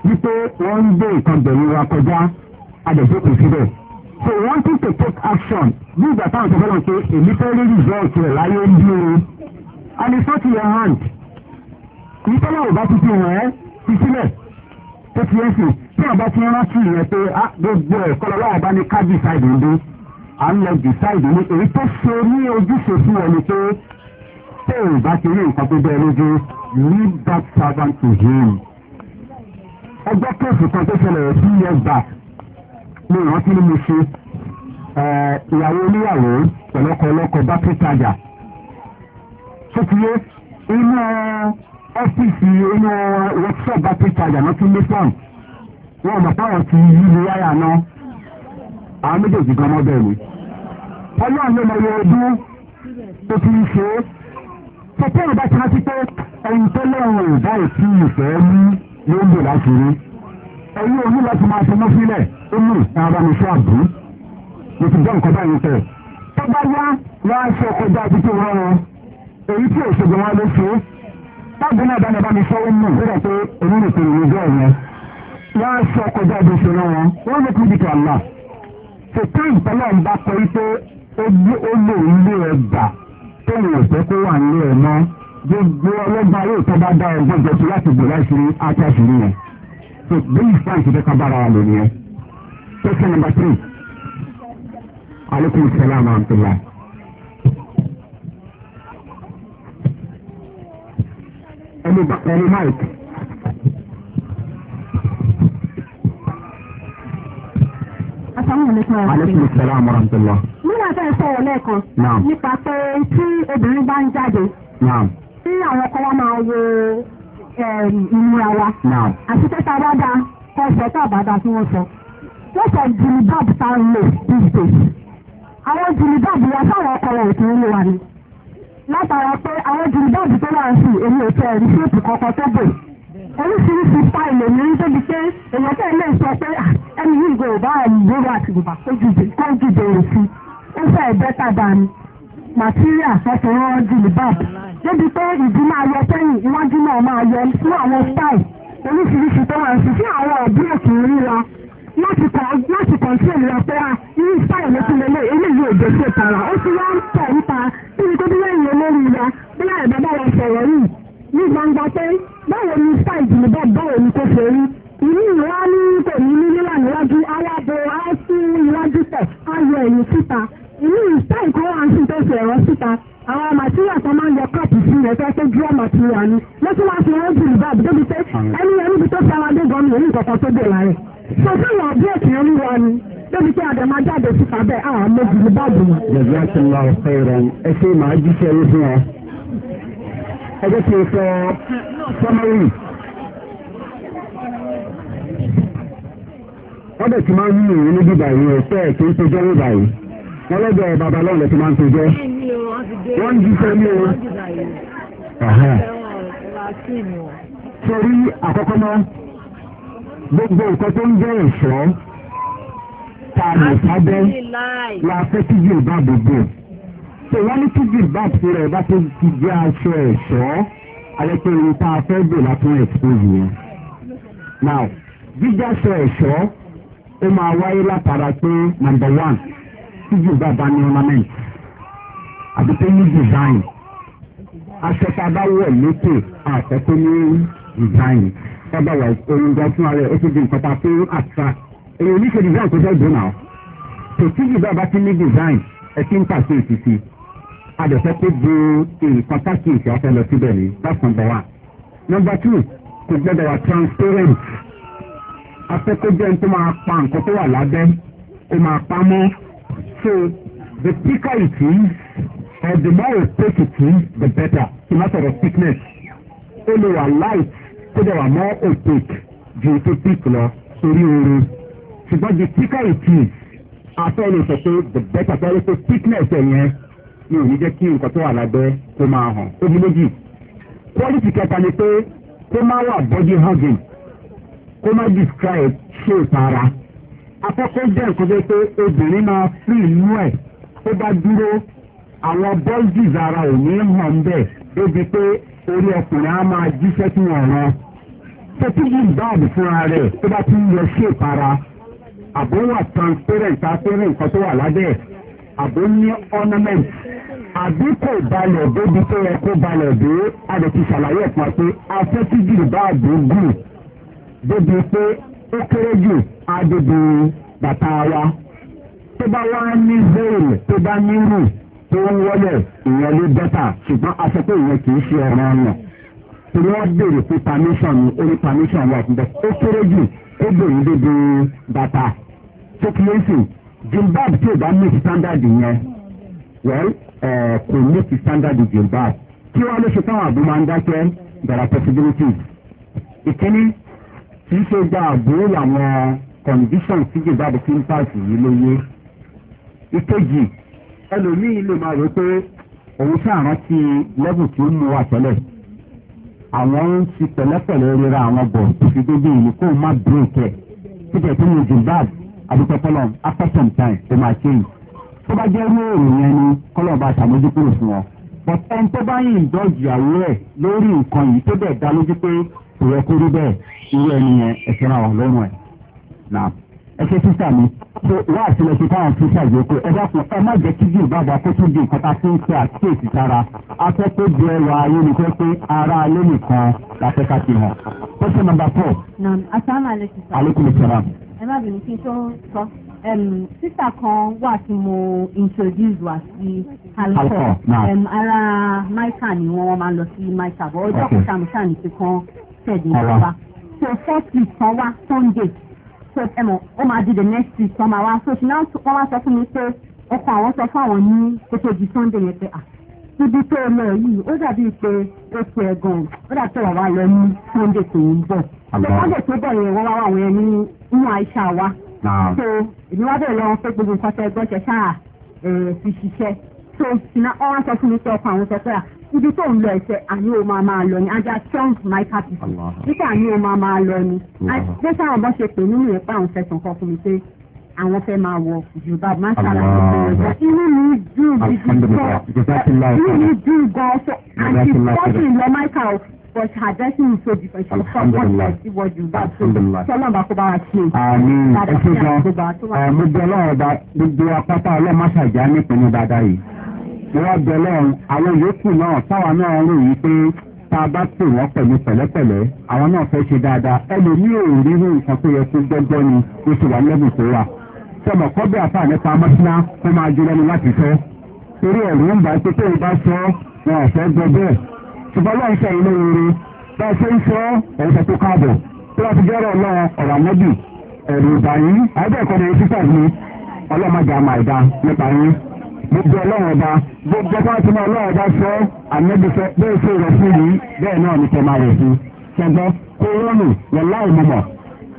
wípé wọ́n ń gbé nǹkan bẹ̀rù wa kọjá àdẹ̀sókò síbẹ̀. so wọ́n ti to take action bí ìgbà táwọn sọ̀rọ̀ náà pé èmi fẹ́ rí result rẹ̀ láyé ń bí o. and it's not your hand. ìtọ́lá ò bá ti fi hàn ẹ́ fi sílẹ̀ tó ti ẹ́ sì tí ọba ti rántí ìyẹn pé ah, gbogbo ẹ̀kọ́ lọ́wọ́ ọba ní ká decide ndé à ń lọ decide ní èyí tó ṣe ní ojúṣe fún ọ ni pé tẹ́ ò bá ti rí nǹkan tó bẹ́ẹ̀ lójú leave that servant to him ọjọ́ kẹ́ẹ̀sì kan tó ṣẹlẹ̀ rẹ̀ sí us back ní ìrántí ni mo ṣe ìyàwó oníyàwó pẹ̀lọ́kọ ọlọ́kọ bátìrì tajà tó ti yé inú ọ́fíìsì inú workshop bátìrì tajà lọ́tí lẹ́sàn wọn ò mọ̀ táwọn ti yí ní wáyà náà àwọn méjèèjì gan mọ́ bẹ́ẹ̀ ni ọlọ́run ló mọ iye ọdún tó ti ń ṣe é tọ́tẹ́ ìbá ti rántí pé ẹ̀yìn tó lọ́rùn ìbá ìtì ìfẹ́ mú ló ń lò láti rí ẹ̀yin òní láti máa fi mú sílẹ̀ ó mú ara mi fún àbú mo ti gbọ́ nǹkan báyìí tẹ̀ tó bá yá wọ́n á ṣe kọjá títí wọ́n wọn èyí tí òṣèlú wọn ló ṣe táàbù náà dáná bá mi sọ ó mú nígbà pé èmi nìkan ìròyìn bẹ́ẹ̀ yẹn wọ́n á ṣe kọjá ibi ìṣòro wọn wọ́n lè kúndìtì àlà tètè ìpínlẹ̀ ń bá pẹ́ pé ó lè ilé ẹ̀ gbà tóun ò fẹ́ kó wà nílé ẹ̀ náà gbogbo ọlọ́gbà yóò tọ́ bá dá ẹgbẹ́ ìjọsí láti bò láti rí àtàṣì nìyẹn so bẹ́ẹ̀ ìfáàn ti fẹ́ ká bára wa lò nìyẹn. question number three aleykum salaam wa rahmatulah. ẹni ẹni mike. asalaamualeykum wa rahmatulah. aleykum salaam wa rahmatulah. nígbà tá ẹ sọ̀rọ̀ lẹ́ẹ̀kan. nípa pé tí obìnrin bá ń jáde. àwọn ọkọ wa ma wo ìmúra wa àti pẹ́ta bá da ẹsẹ̀ tá àbádá àwọn jìnnìbáb wa sáwọn ọkọ wa ò látara pé àwọn jìnnìbáb tó wà sí èmi ò tẹ ẹ̀rí ṣéèpù tó bò oríṣiríṣi pé èèyàn sọ pé ah, ẹni yìí gbòòbá kó kó òsì ó màtíríà fẹsẹ̀ rán jìlìbáàbù débi pé ìdí máa yọ sẹ́yìn iwájú náà máa yọ sí àwọn style oríṣiríṣi tó wà sí sí àwọn òbí òkè ríra láti kàn sí èlò pé a ah, ní style ló tún lélẹ̀ eléyìí ò dé sí ìtara ó ti wá ń tọ̀ níta níbi tó dúró ìyẹn lórí ra bóyá ìbábá wa sọ̀rọ̀ yìí ní gbangba pé báwo ni style jìlìbáàbù báwo ni kò ṣe rí mo jìnnì báàgì wọn. jẹ̀bí àti ńlá ọ̀sẹ̀ ìrọ̀n ẹ ṣe màá jíṣẹ́ yín fún wọn. ẹgbẹ́ tí o sọ sọ́mọ́rì. wọ́n dẹ̀ ti máa ń yìn ní bíbá yìí o tẹ́ ẹ̀ kí n tẹjọ́ ní báyìí. wọ́n lọ́jọ́ babaláwo lẹ́ ti máa ń tẹjọ́. wọ́n ń jíṣẹ́ ní wọn. torí àkọ́kọ́ náà gbogbo nǹkan tó ń jẹ́ ìṣọ́ tá a lè sábẹ́ la fẹ́ kí yorùbá gbogbo tó wọ́n ní kí yorùbá tirẹ̀ bá tó ti jẹ́ aṣọ ẹ̀ṣọ́ alẹ́pẹ́ irun tá a fẹ́ gbò látún expose yẹn. now jíjẹ́ aṣọ ẹ̀ṣọ́ ó máa wáyé látara pé number one kí yorùbá bá ní ornament àbí tó ní design aṣọ tá a bá wọ̀ lókè àtẹ́kọ́ ní design ẹ bá wà ohun gan fún ara ẹ ó ti di nǹkan tá a attract èyí oníṣe design tó fẹ́ dùn náà tòtí ìgbà bá ti ní design ẹ ti ń pàṣẹ ìtìsí adẹ̀fẹ́ tó bu nǹkan pàkíyèsí afẹ́ lọ síbẹ̀ ní bákan bọ̀ wá. nọmba two kò gbọdọ̀ wà transparent afẹ́kọ́jẹ́ tó máa pa nǹkan tó wà lábẹ́ kó máa pa mọ́ so the thicker it is or the more opaque it is the better kì má of thickness ó lè wà light kó dẹ̀ wà more opaque ju tó thick lọ torí ooru ṣùgbọ́n the thicker it is afẹ́ lè sọ pé the better pẹ̀lú the thickness ẹ̀ yẹn ni ò ní jẹ́ kí nǹkan tó wà lábẹ́ kó máa hàn ó bí méjì. quality kẹta ni pé kó má wà body hugging kó má describe shape ara afẹ́kọ́ jẹ́ nǹkan tó pé obìnrin máa fi inú ẹ̀ tó bá dúró àwọn bulges ara ò ní hàn bẹ́ẹ̀ di pé orí ọkùnrin á máa jíṣẹ́ tí wọ́n rán. fẹ́tígì báàbù fúnra rẹ̀ tó bá ti ń yọ shape ara àbó wà transparent àtẹ́rì nǹkan tó wà lábẹ́ ẹ̀ àbó ní ornament àbí kò balẹ̀ débi tó yẹ kó balẹ̀ dé àdètí ṣàlàyé ẹ̀fọn pé afẹ́tíjì bá àdógù débi pé ó kéré jù àdèbò bàtà wa tó bá wá ní zéèlì tó bá ní rù tó ń wọlé ìyẹn ló dẹ́ta ṣùgbọ́n afẹ́tẹ́ ìyẹn kì í ṣe ọ̀rọ̀ ọ̀nà tí wọ́n béèrè fún permission mi ó ní permission wà fún bẹ́ẹ̀ ó kéré jù ó béèrè dédé bàtà tó kí lóṣù zimbab tí ò bá meet standard yẹn well kò meet standard zimbab kí wọ́n lè ṣe táwọn àbò máa ń dákẹ́ there are possibilities ìkíní kì í ṣe gba àbò làwọn conditions tí zimbab fi ń pàṣẹ yìí ló yé ìkejì ẹlòmíín lè máa rò pé òun ṣàrántí level tí ó mú wa tẹ́lẹ̀ àwọn ń fi pẹ̀lẹ́pẹ̀lẹ́ rira àwọn bọ̀ fi dédé ìlú kó má bírèkì ẹ̀ títẹ̀ tó ní zimbabwe adúpẹ́pọ́lọ́ after some time ó máa ṣe yìí tó bá jẹ́ irú èrò yẹn ni kọ́lọ̀ bá ṣàmójúkúrò fún wọn but ẹni tó bá yìn dọ́jú àwọ̀ ẹ̀ lórí nǹkan yìí tó bẹ̀ dá lójú pé kò yẹ kó rí bẹ́ẹ̀ irú ẹni yẹn ẹ̀ṣẹ̀ máa wà lọ́rùn ẹ̀ náà ẹ ṣe mi ṣe wá àtìlẹsẹ fáwọn sísà yòókù ẹ dákun ẹ má jẹ kí bí ìbáwọ akótó di nǹkan tá fi ń ṣe àkíyèsí sára afẹ́fẹ́ di ẹwà ayé ni pé ara alẹ́ nìkan láfẹ́ ká fi hàn. question number four. naam asalaamualeykum. aleykum salaam. ẹ má bìnrin kí n tó sọ sísà kan wà tí mo introduce wá sí alcohol ara mica ni wọ́n máa lọ sí mica bọ́ ọjọ́ kúta ti kan tẹ̀lé ìjọba so four feet kan wá sunday step ẹ̀ mọ̀ ó máa di the next week wọ́n máa wá so ṣùgbọ́n wọ́n wá sọ fún mi pé ọkọ̀ àwọn sọ fún ní kókó di sunday yẹn pé à ah, síbi tó lọ yìí ó dàbí pé ó ti ẹ̀ gan ó dàbí pé wàá lọ ní sunday tó ń bọ̀ sunday tó bọ̀ yẹn wọ́n wá àwọn ẹni inú àìsà wa so ìníwájú ìlọrin pé gbogbo nǹkan tẹ gbọ́ ṣẹ̀ ṣáà fi ṣiṣẹ́ so na ọ wá sọ fún mi pé ọkọ àwọn sọ ibi tó ń lọ ẹsẹ àní o máa máa lọ ni ajá strong my capital nípa àní o máa máa lọ ni bí sáwọn bọ́ ṣe pè nínú yẹn pé àwọn fẹsàn kan fún mi pé àwọn fẹ́ máa wọ yorùbá masala ọ̀gbọ̀n inú mi dùn gidi gan inú mi dùn gan so àti bọ́sì lọ michael but her dressing is so different she come one like the word you back so sọlọ́n bá kó bá wa ṣe. àmì ẹsẹ gan mo bẹ ọlọ́run ọba gbogbo apáta ọlọ́run máṣàjà nípínlẹ̀ dáadáa yìí mo wá bẹ ọlọ́run àwọn yòókù náà táwa náà rò yìí pé tá a bá pè wọ́n pẹ̀lú pẹ̀lẹ́pẹ̀lẹ́ àwọn náà fẹ́ ṣe sọmọ kọ́ bí nípa mọ́ṣíná kó máa jẹ lẹ́nu láti fẹ́ torí ẹ̀rù ń bá pé tóun bá sọ wọn ò fẹ́ ṣùgbọ́n lọ́n sọ ìlú rere bá a ṣe ń sọ ẹ̀rọ sọ pé káàbọ̀ tó bá ti jẹ́rọ ọlọ́run ọ̀rọ̀ àmọ́bì ẹ̀rù ìgbà yín àìbẹ́ẹ̀kọ́ ni sísà mi ọlọ́mọdé àmà ìdá nípa yín gbogbo ọlọ́run ọba gbogbo ọba tí mo ọlọ́run ọba sọ àmọ́bì sọ bẹ́ẹ̀ ṣe rẹ̀ sí yìí bẹ́ẹ̀ náà ni tẹ̀ máa rẹ̀ sí ṣẹgbọ́n kórónù wọláì mọ̀mọ̀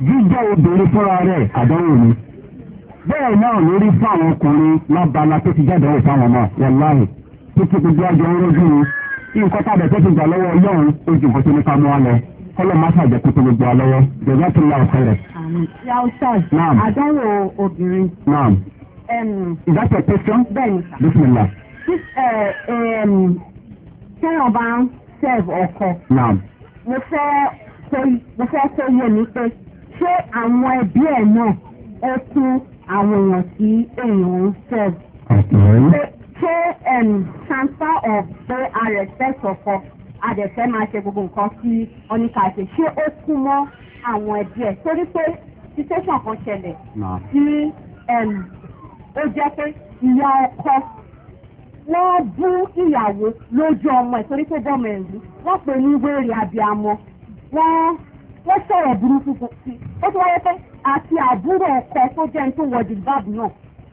jíjẹ́ obìnrin fúnra rẹ̀ àdánwò ni bẹ́ẹ̀ náà lórí fáwọn ọkùnrin lábala tó ti jáde ọ̀hún fáwọn ọmọ wọláì tó ti gbogbo àjọ ń rójú ni nǹkan tá a bẹ̀rẹ̀ tó ti gbà lọ́wọ́ ọlọ́run ó ju nǹkan tó ní ká mú wa lọ kọ́lọ́ má ṣàjẹ́ kó tó gbogbo wa lọ́wọ́ jọ̀dá tó lọ ọ̀kẹ́ rẹ̀. àdánwò obìnrin. ìdájọ́ pẹ́sán bísímìlá. sẹ́yìn bá mo fẹ́ kó yé mi pé ṣé àwọn ẹbí ẹ̀ náà ó kún àwọn èèyàn tí èèyàn ń sẹ́ẹ̀f um transfer of pé a respect ọkọ a dẹ̀ fẹ́ máa ṣe gbogbo nǹkan tí oníkà ṣe ṣé ó kú mọ́ àwọn ẹbí ẹ̀ torí pé situation kan ṣẹlẹ̀ tí um, ó jẹ́ pé ìyá ọkọ wọ́n bú ìyàwó lójú ọmọ ẹ̀ torí pé bọ́ọ̀mù ẹ̀ rú wọ́n pè ní wéèrè àbíamọ wọ́n wọ́n sọ̀rọ̀ burúkú sí ó tún wáyé pé àti àbúrò ọkọ tó jẹ́ ní tó wọ jìbáàbù náà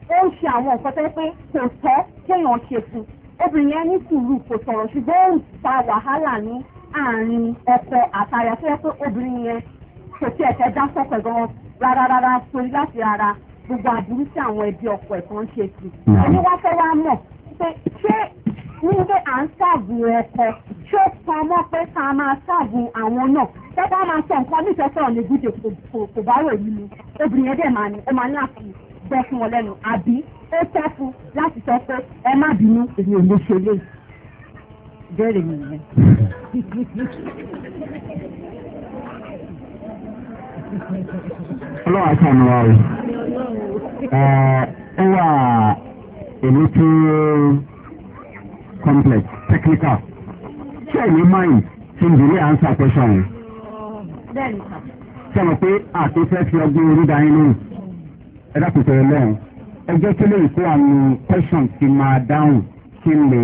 ó ń ṣe àwọn nǹkan tẹ́ pé kò tọ́ kéèyàn ṣe fún obìnrin yẹn ní sùúrù kò sọ̀rọ̀ ṣùgbọ́n ó ń fa wàhálà ní àárín ọkọ àtàyà tó yẹ pé obìnrin yẹn kò tí ẹ̀fẹ́ dá sọ́kọ̀ gan rárá rárá torí láti ara gbogbo àbúrú tí àwọn ẹbí ọkọ ẹ̀ kan ṣe sí hmm. ẹni wá fẹ́ wá mọ̀ pé ṣé nínú pé à ń ṣàbù ọkọ ṣé pamọ́ pé ká máa ṣàbù àwọn náà tẹ́ bá máa sọ nǹkan nífẹ̀ẹ́ sọ̀rọ̀ ní gúdè kò bá rò yìí ni obìnrin yẹn dẹ̀ máa ní ó máa ní àfihàn fẹ́ fún wọn lẹ́nu àbí ó tẹ́ fún láti sọ pé ẹ má bínú èmi ò lè ṣe lé ìbéèrè mi nìyẹn. ọlọ́wà sàmì wa o ó wà èmi tí complex technical ṣé èmi mind ti ń dìrí answer question yẹn. ṣé mo pé àti fẹ́ fi ọgbọ́n orí dání lóhùn ẹ dákun tẹ̀lé lẹ́hìn ẹ jẹ́ kí kó àwọn question ti máa dáhùn kí n lè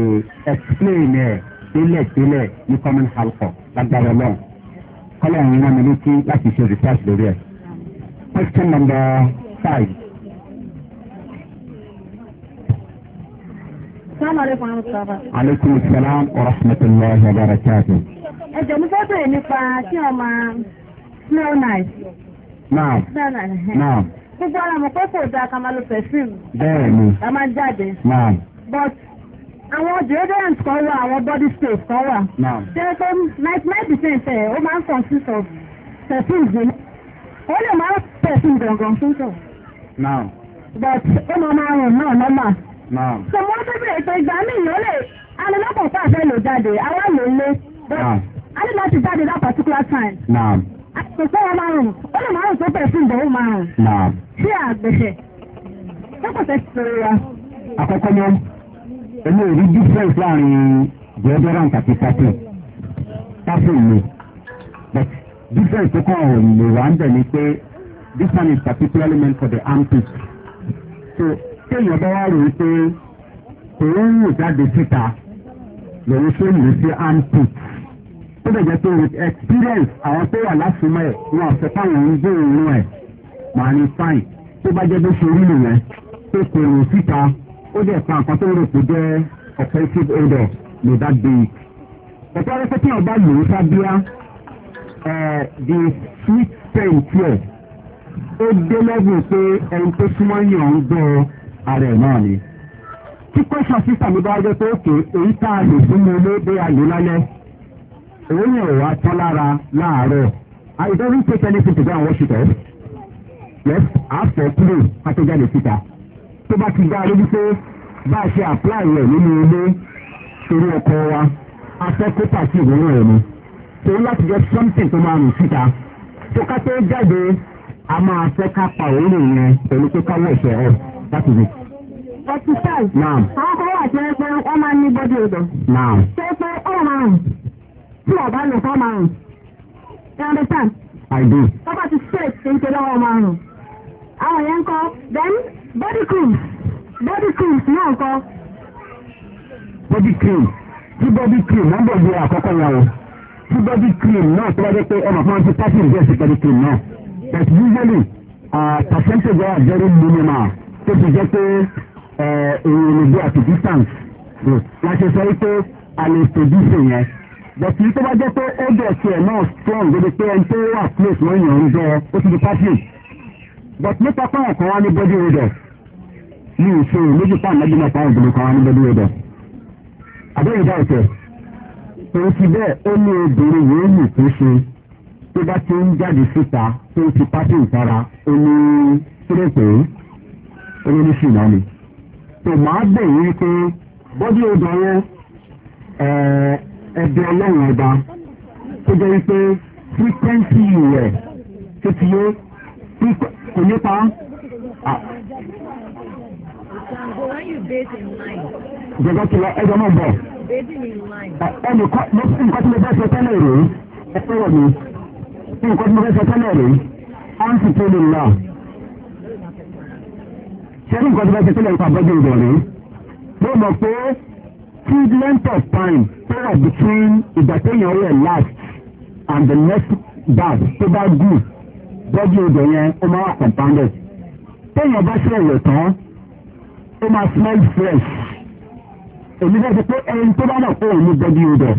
explain délẹ̀délẹ̀ ní common halkọ̀ lágbára lọ́hùn kọ́lá ẹ̀yìn náà mi ní kí láti ṣe research lórí ẹ̀. question number five. Salaamaleykum wa rahmatulah. Aleykum salaam wa rahmatulah wa barakatuh. Ẹ jẹ́ mo fẹ́ bẹ̀rẹ̀ nípa kí ọmọ snow night. Naam. Naam. gbogbo ara mọ̀ pé kò dáa ká máa lo perfume. máa jáde. naam. but àwọn deodorant kan wà àwọn body spray kan wà. naam. ṣé pé ninety nine percent ẹ̀ ó máa ń consist of perfume yìí. ó lè máa perfume gangan fún sọ. naam. but ó máa máa rùn náà normal. naam. sọ wọn tó bèrè pé ìgbà míì ó lè alẹ́lọ́pọ̀ jade lò jáde àwọn lò lé. naam. a ní láti jáde that particular time. naam. àtẹ̀sẹ̀ wọn máa rùn ó lè máa rùn tó bẹ̀rẹ̀ sí ìdánwò máa rùn. sí àgbẹ̀sẹ̀ tẹ́kọ̀tẹ́ ti sọ̀rọ̀ ya. àkọ́kọ́ náà èmi ò rí difference láàrin deodorant àti tapu tapu mi but difference tó kàn ọ̀rọ̀ ìlú wa ń bẹ̀ ni pé this one is particularly meant for the armpit so kéèyàn bá wá rò ó pé òun ń rò jáde síta lòun tó ń lò sí armpit tó lè jẹ́ pé with experience àwọn tó wà lásùmọ̀ ẹ̀ wọn ọ̀sẹ̀ táwọn ń gbé òun ẹ̀ màá ní fine tó bá jẹ́ bó ṣe rí nìyẹn tó pèrò síta ó jẹ́ pa nǹkan tó rò pé jẹ́ offensive odor ló dá dé. ọ̀pọ̀ ẹgbẹ́ tí bá lò ó sábíá the sweet scent yẹ ó dé lẹ́gùn pé ẹni tó súnmọ́ yàn ń gbọ́ ara ẹ̀ náà ni. tí kò bá jẹ́ pé òkè èyí tá a lè fún mi ló dé àyè lálẹ́. èwo yẹn wà tán lára láàárọ̀ i ah, don't take anything to go and wash it off yes after play pàtẹ́jáde fita tó bá ti dá a lójú pé bá a ṣe apply rẹ̀ nínú ilé torí ọkọ wa afẹ́kọ́ pàṣẹ ìwúrọ̀ rẹ̀ ni torí láti jẹ́ something tó máa rìn síta tó ká tó jáde a máa fẹ́ ká pa òórùn yẹn pẹ̀lú pé ká wọ̀ ọ̀ láti rí. forty five. naam. àwọn kan wà ṣé tí ọ̀bá lò fọ́ máa rùn. you understand? I do. tọ́ba ti straight ṣe ń pe lọ́wọ́ máa rùn. àwọn yẹn ń kọ́ then body cream body cream náà ń kọ́. body cream tí body cream náà bọ̀ bí àkọ́kọ́ yà o tí body cream náà tó bá dé pé ọmọ fún ọ ti thirty years body cream náà but usually uh, percentage are very minimal tó ti jẹ́ pé eh, èèyàn lè gbé àti distance láti sọ wípé a lè tòjú sí yẹn bọ̀tí tó bá jẹ́ pé ó dẹ̀ tiẹ̀ náà strong débi pé ẹni tó wà place wọ́n yàn ń jẹ ó ti di catholic bọ̀tí nípa pé ọ̀kan wá ní body odor ní ìṣòro méjì pa ànágbé náà fáwọn obìnrin kan wá ní body odor àbẹ́rẹ́ ìdá ọ̀tẹ̀ òun ti bẹ́ẹ̀ ó ní obìnrin yìí mú tó ṣe tó bá ti ń jáde síta tó ń ti pátí ìtara ó ní kílẹ̀ pé ó ní ṣìnà ni tó bẹ̀ yín pé body odor yẹn ẹ̀ẹ́ ẹ̀dẹ̀ ọlọ́run ọba tó jẹ́ wípé frequency rẹ̀ tó ti yé kò nípa. Jọba ti lọ ẹjọ́ náà bọ̀. Ẹnìkan nǹkan tí mo fẹ́ sọ tẹ́lẹ̀ rèé ẹ fẹ́ràn mi. Nǹkan tí mo fẹ́ sọ tẹ́lẹ̀ rèé áǹtì tó lè là. Ṣé nǹkan tí mo fẹ́ sọ tẹ́lẹ̀ rèé pàbọ́jú ìgbọ̀n rèé? Mo mọ̀ pé two length of time tó wà between ìgbà téèyàn wẹ̀ last and the next bag tó bá gùn bọ́dí odò yẹn ó máa wà compounded téèyàn bá ṣe ẹ̀wẹ̀ tán ó máa smell fresh èmi fẹ́ sọ pé ẹni tó bá mọ̀ pé òun ní bọ́dí odò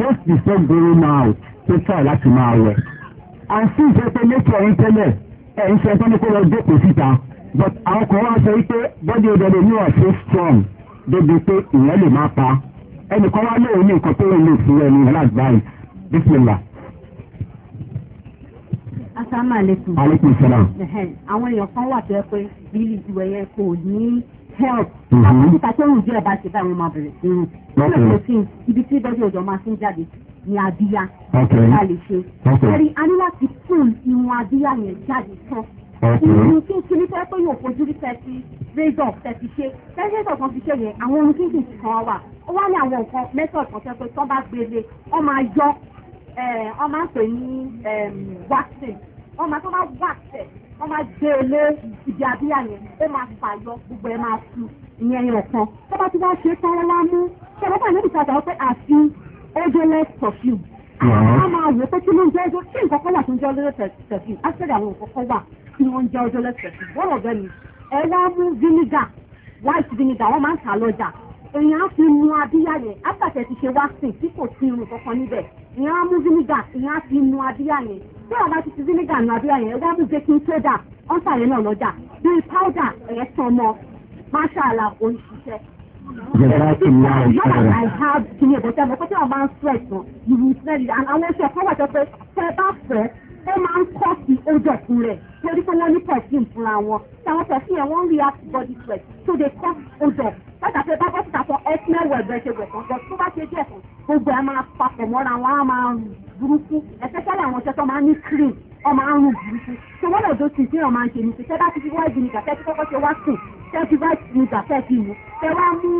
just before going out tó try láti máa wẹ̀ and since ẹ pé nature ẹ̀ ń tẹ́lẹ̀ ẹ̀ ń ṣe ẹ̀ tán kó lọ jókòó síta but àwọn kan wá sọ wípé bọ́dí odò lè ní wà so strong débi pé ìyẹn lè má pa ẹnìkan wá lóun ní nǹkan tó ń lò fún ẹni aláàgbáyé bísímìlà. asalaamualeykum. aleykum salaam. àwọn èèyàn kan wà tó yẹ pé bílí ìwẹ̀ yẹn kò ní help. Mhm. àkókò tó ń jẹ́ ẹ̀bá ṣe báyìí wọ́n máa bẹ̀rẹ̀ sí i. lọ́kùnrin ló fi ibi tí bẹ́ẹ̀ ọjọ́ máa fi ń jáde ni àbíyá. ọkùnrin a lè ṣe. ọkùnrin a ní láti fún ìwọ̀n àbíyá yẹn jáde tán ìrìn kíkì ní fẹ́ pé yóò fojú rí tẹ́tí rédọ̀ tẹ́tí ṣe tẹ́tẹ́tọ̀ kan fi ṣe yẹn àwọn ohun kíkì kan wà ó wá ní àwọn nǹkan mẹ́tọ̀ kan tẹ́ pé tọ́ bá gbélé wọ́n máa yọ wọ́n máa ń pè ní waxing wọ́n máa tó bá waxẹ̀ wọ́n máa gbélé e ibi abíyá yẹn ó máa fà yọ gbogbo ẹ̀ máa tu ìyẹn yẹn kan tó bá ti wá ṣe tán wọ́n wá mú ṣọlọ́pàá ìlú ìtajà wọ́n pé àfi odorless perfume. wọ́n máa wò pé kí ló ń jẹ́ ojú kí nǹkan kan wà tó ń jẹ́ olóró perfume á tí wọ́n ń jẹ́ ọjọ́ lẹ́sẹ̀ wọ́n ọ̀bẹ mi ẹ mú vinegar white vinegar wọ́n máa ń tà lọ́jà èèyàn á fi mu abíyá yẹn ti ṣe wá sìn tí kò sí irun kankan níbẹ̀ èèyàn á mú vinegar èèyàn á fi mu abíyá tí àbá ti ti vinegar nu abíyá ẹ wá mú baking soda ọ̀sà yẹn náà lọ́jà bíi powder ẹ̀ tán mọ́ máṣáàlà oríṣiṣẹ́. Jẹ́sàkìlá ìṣẹ̀rẹ̀. I have kí ni ìbọ̀tẹ́ mọ̀ pé tí wọ́n bá ń stress wọn, you will stress and àwọn oṣù ẹ̀kọ́ wà tó pé tẹ́ bá stress ó máa ń kọ́ sí ojú ọ̀tún rẹ̀ torí pé wọ́n ní perfume fúnra wọn táwọn perfume yẹn wọ́n ń react body sweat so they cause odour látà pé bábọ́ síta fọ ẹtìmẹ́ wẹ̀ bẹ́ẹ̀ ṣe wẹ̀ tán bọ́ tó bá ṣe díẹ̀ kan gbogbo ẹ̀ máa papọ̀ mọ́ra wọn á máa burúkú especially àwọn ọ̀ṣẹ́ tó máa ń ní cream ọ máa ń rún burúkú so wọ́n lọ́dọ̀ tí ìdíyàn máa ń ṣe ní ṣe tẹ́ bá ti fi wáìdì nígbà tẹ́ ti kọ́kọ́ ṣe wá sùn tẹ́ ti wáìdì nígbà tẹ́ ti mú tẹ́ wá mú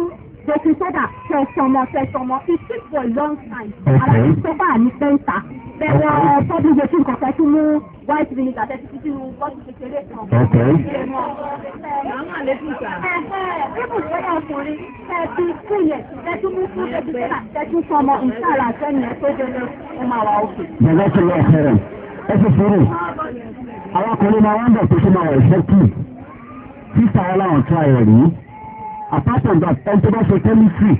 to fi sọ́dà tẹ̀sọ̀mọ̀ tẹ̀sọ̀mọ̀ it took for a long time ara ní sọ́fà ní pẹ́ńtà bẹ̀rẹ̀ tọ́dún gbèsè nǹkan fẹ́ tún mú white vinegar tẹ́tí títí nu bọ́ọ̀sì kékeré kan. àwọn àlejò ìjà. ẹ̀ẹ́dẹ́gbẹ̀rún bóyá ọkùnrin tẹ́tí fún yẹn tẹ́tí mú fún tẹ́tí sọ́dà tẹ́tí sọmọ ìṣàlà sẹ́yìn ẹ̀ fúru àwọn ọkùnrin máa wá ń bọ̀ tó tó máa wà ìfẹ́ kù títà ọlọ́run tó àyẹ̀rí apart from that ẹni tó bá ṣe chemistry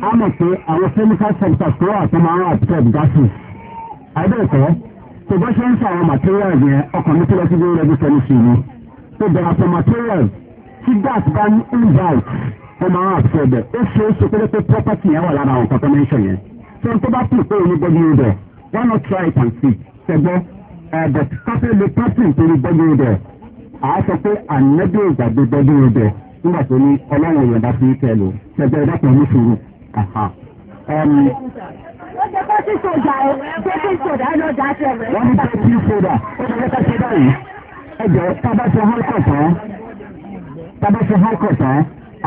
á mọ̀ pé àwọn chemical sectors tó wà tó máa ń absorb gases àìbẹ̀ẹ̀kọ́ tó bá ṣe ń sọ àwọn materials yẹn ọkàn mi tó lọ sí bí rẹ́bí chemistry ni tó bẹ̀rẹ̀ àpò materials tí gas bá ń invite ó máa ń absorb ẹ̀ ó ṣe é ṣe pé pé property yẹn wà lára àwọn kankan mention yẹn tó ń tó bá pè pé òní gbọ́dọ̀ yóò bẹ̀ why not try it and see ṣẹgbọ́ ẹ̀ eh, but káfíń lè pàṣẹ ìpinnu gbọ́dọ̀ yóò bẹ̀ àá sọ pé ànẹ́bí ìgbàgbé gbọ́dọ̀ yóò bẹ̀ nígbà tó ní ọlọ́run èèyàn bá fi ń tẹ̀ lò ṣẹ̀jẹ̀ ìdápọ̀ ní ṣòro. Wọ́n ti pẹ́ sí sódà ẹ̀ pé kí sódà lọ dá tẹ̀wẹ̀. Wọ́n ti pẹ́ sí sódà ó ti lọ́ta ṣe báyìí. Ẹ jọ tábà ṣe hálkọ̀ tán tábà ṣe hálkọ̀ tán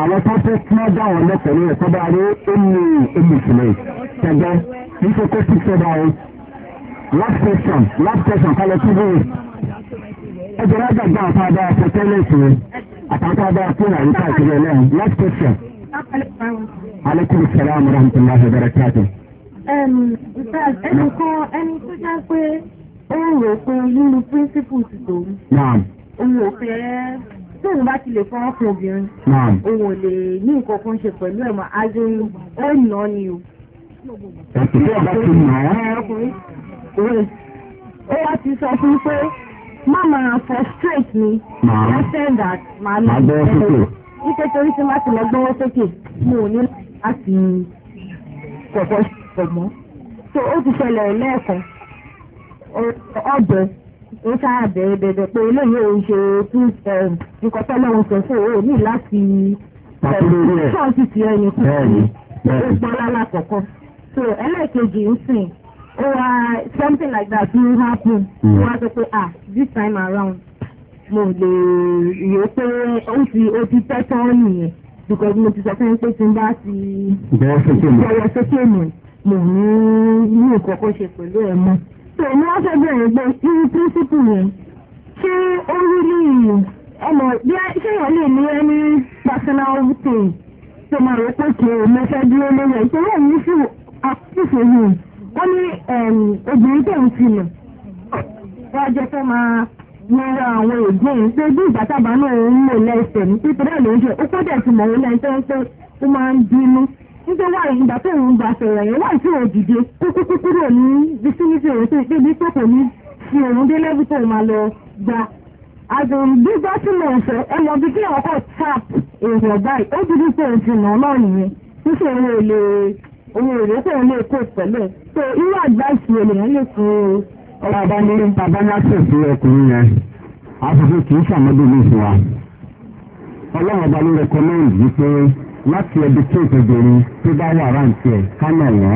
àwọn tó tó kí wọ́n dá wọn lọ́pọ̀ ní ẹ̀kọ́ bá rí ẹ̀mí ẹ̀mí ìṣẹ̀lẹ̀ tẹ̀gbẹ́ kì í ṣe pé sí sódà ẹ̀. Last question last question kálọ̀ tv. Ẹ jọ lágbàgbà àtàwọn àtàwọn àtẹ̀tẹ̀lẹ̀ ìṣòro àtàkùn abẹ́ àfihàn àyíká àti ilé náà last question. aleykum salaam rahmatulahi barakatu. ẹnì kan ẹni tó jẹ́ pé ó ń rò pé nínú principles tòun òun ò fẹ́ tóun bá ti lè fọwọ́ kan obìnrin òun ò lè ní nǹkan kan ṣe pẹ̀lú ẹ̀ mọ́ ajé ó nà ni o. ẹ̀sìn tí ọba ti nà á. ó wá ti sọ fún pé má máa frustrate mi. Màá send that màá lọ. Màá gbọ́wọ́ sókè. Iṣẹ́ torí tí má ti lọ gbọ́wọ́ sókè, mo ò ní láti pọ̀pọ̀ pọ̀ mọ́. So ó ti ṣẹlẹ̀ lẹ́ẹ̀kan. Ọ̀bẹ ó sáà bẹ̀rẹ̀ bẹ̀rẹ̀ pé eléyìí ò ń ṣe tún um, nǹkan tọ́lọ́ ń sọ fún òun ní láti ṣọ́ọ̀tì um, ti ẹni kú. Bẹ́ẹ̀ni bẹ́ẹ̀ni. Ó gbọ́ lálá kọ̀ọ̀kan. So ẹlẹ́ẹ̀kejì ń sìn or uh, something like that will happen wọ́n á sọ pé ah this time around mo lè rò pé ó ti ó ti tẹ́ tán nìyẹn because mo ti sọ fún pé tí n bá ti bọ̀wọ̀ sókè mọ̀ mo ní ní nǹkan kan ṣe pẹ̀lú ẹ̀ mọ́. so ní wọ́n fẹ́ bẹ̀rẹ̀ gbé irú píríncípù yẹn ṣé ó rí ní ìyẹn ọmọ bí ṣé èèyàn lè ní ẹni personal thing tó máa rò pé kí o mẹ́fẹ́ dúró lórí ẹ̀ ìṣòro òun ní sí àkókò yìí wọ́n ní obìnrin tó ń filẹ̀ wọ́n jẹ́ fẹ́ máa lọ́wọ́ àwọn èdè ń pé bí ìgbà tábà náà ń lò lẹ́sẹ̀ ní pípẹ́ náà ló ń ṣe ó kọ́ dẹ̀ ti mọ̀ ó lẹ́yìn tó ń pé ó máa ń bínú nígbà wà ìgbà tó ń gba sọ̀rọ̀ yẹn wà tí ò dìde kúkú kúrò ní bísínísì òun tó ń pè ní pòpò ní fi òun dé lẹ́bù tó máa lọ gba àdùn gbígbá tí mò ń fẹ́ ẹ mọ bí kí ọkọ̀ tap èrò báyìí ó dúdú pé òun ti náà nìyẹn níṣẹ́ òun lè òun ò lókè ilé èkó pẹ̀lẹ́ tó irú àdáṣe ènìyàn lè fún ọba abánilé bàbá lásìkò sí ọkùnrin yẹn àfẹ́fẹ́ kì í ṣàmọ́dé ní ìfún wa ọlọ́run ọba ló rẹkọmẹ́ǹd wípé láti ẹbí tí ìpèbèrè tó bá wà ráǹtì ẹ̀ kánà yẹn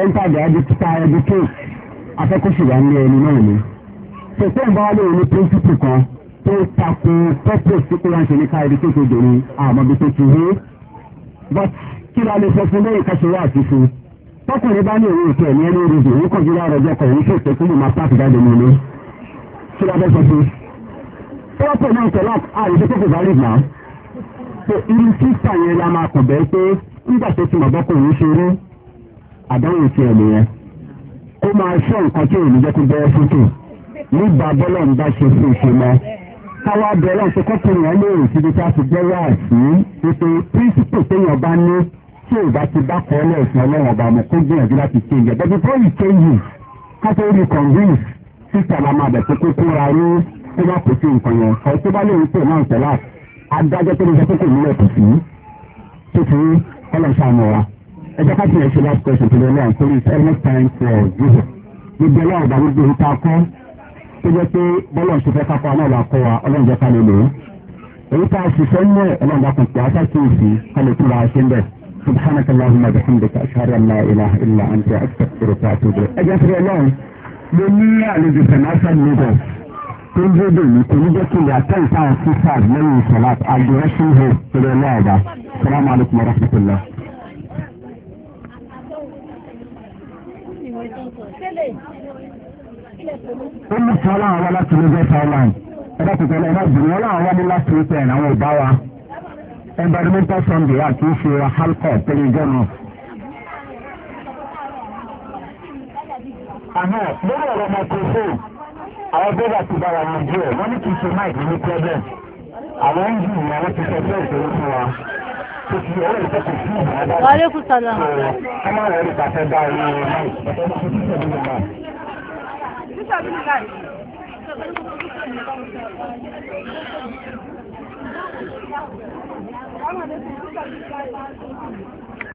ẹ̀ńtàdé adékúta ẹbí tó afẹ́kọ̀ṣùgbà ní ẹni náà ni tòtẹ́ ń bá wà lóyún ní píríncípù kan tó takò pẹ́pẹ́ sí pé wọ́n ń ṣe ní ká ẹbí tó ìpèbèrè àmọ́bí tó ti rí but kí la lè sọ fún lórí kẹsìwá àti fún tọkùnrin bá ní òun ìtọ ẹni ẹni oríṣi òun kàn jíra ọjọ kan òun ṣètò kí ló máa pààkì jáde ní ilé kí la fẹ́ sọ fún tọ́pọ̀ náà tọ́lá àìsí tó kò bá rí gbà pé irú sísà yẹn la máa kọ̀ bẹ́ẹ̀ pé nígbà tó ti mọ̀ bọ́kùnrin ṣe rí àdáhùn ti ẹ̀ nìyẹn kó máa ṣọ́ nǹkan tí òun jẹ́ kó bẹ́ẹ̀ fótó nígbà bọ́lọ̀ ń bá ṣe fún ìṣe mọ́ káwá bẹ̀rẹ̀ ṣe kọ́kùnrin yẹn lóòrùn síbi tá a ti jẹ́ wá sí ètò píríncípù téèyàn bá ní tí ò bá ti bá kọ́ lẹ́ẹ̀sán ọlọ́run ọba mọ̀ kó gbìyànjú láti ṣe ìyẹn bẹ́ẹ̀ before you change it ká tó rí convince síta la máa bẹ̀ pé kó kóra rí tó bá kò sí nǹkan yẹn ọ̀ tó bá lóòrùn pè náà tẹ̀lá adájọ́ tó lè sọ pé kò nílẹ̀ kò sí tó fi ọlọ́sàn-án wa ẹ jẹ́ ká tiẹ̀ ṣe last question to the lord so it's almost time for jesus gbogbo ọlọ́run ọba gbogbo ìta kọ́ tó jẹ́ pé bọ́lá ṣe fẹ́ kápá náà làkọ́ wa ọlọ́run jẹ́ ká lè lò ó èyí tá a ṣiṣẹ́ ń lẹ̀ ọlọ́run bá kan pè á sàkíyèsí ká lè túra ṣe ń bẹ̀ subhanak allahumma bihamdika ashhadu an la ilaha illa anta astaghfiruka wa atubu ilayk. ẹ jẹ́ sẹ́yìn ọlọ́run mo ní àlejò financial lagos tó ń dédé yìí kò ní jẹ́ kí ilé àtẹ̀yìn táwọn sisters lẹ́yìn ìṣọ̀lá adoration hall pẹ̀lú ọlọ́ọ̀dà salamu alaykum wa rahmatulah. Thank you. ó ní tí ọlọ́run láti ní bẹ́ẹ̀ thailand ẹ̀dá tuntun ẹ̀dá ẹ̀dá jùlọ láti ọba wa environmental sunday àti ìṣe halkọ pẹ̀lú ìjọ́nà. àmọ́ lórí ọ̀rọ̀ àwọn bẹ́ẹ̀ ti ní wọ́n ní kí n ṣe àwọn ń jù ní àwọn ti sọ fún wa Thank you.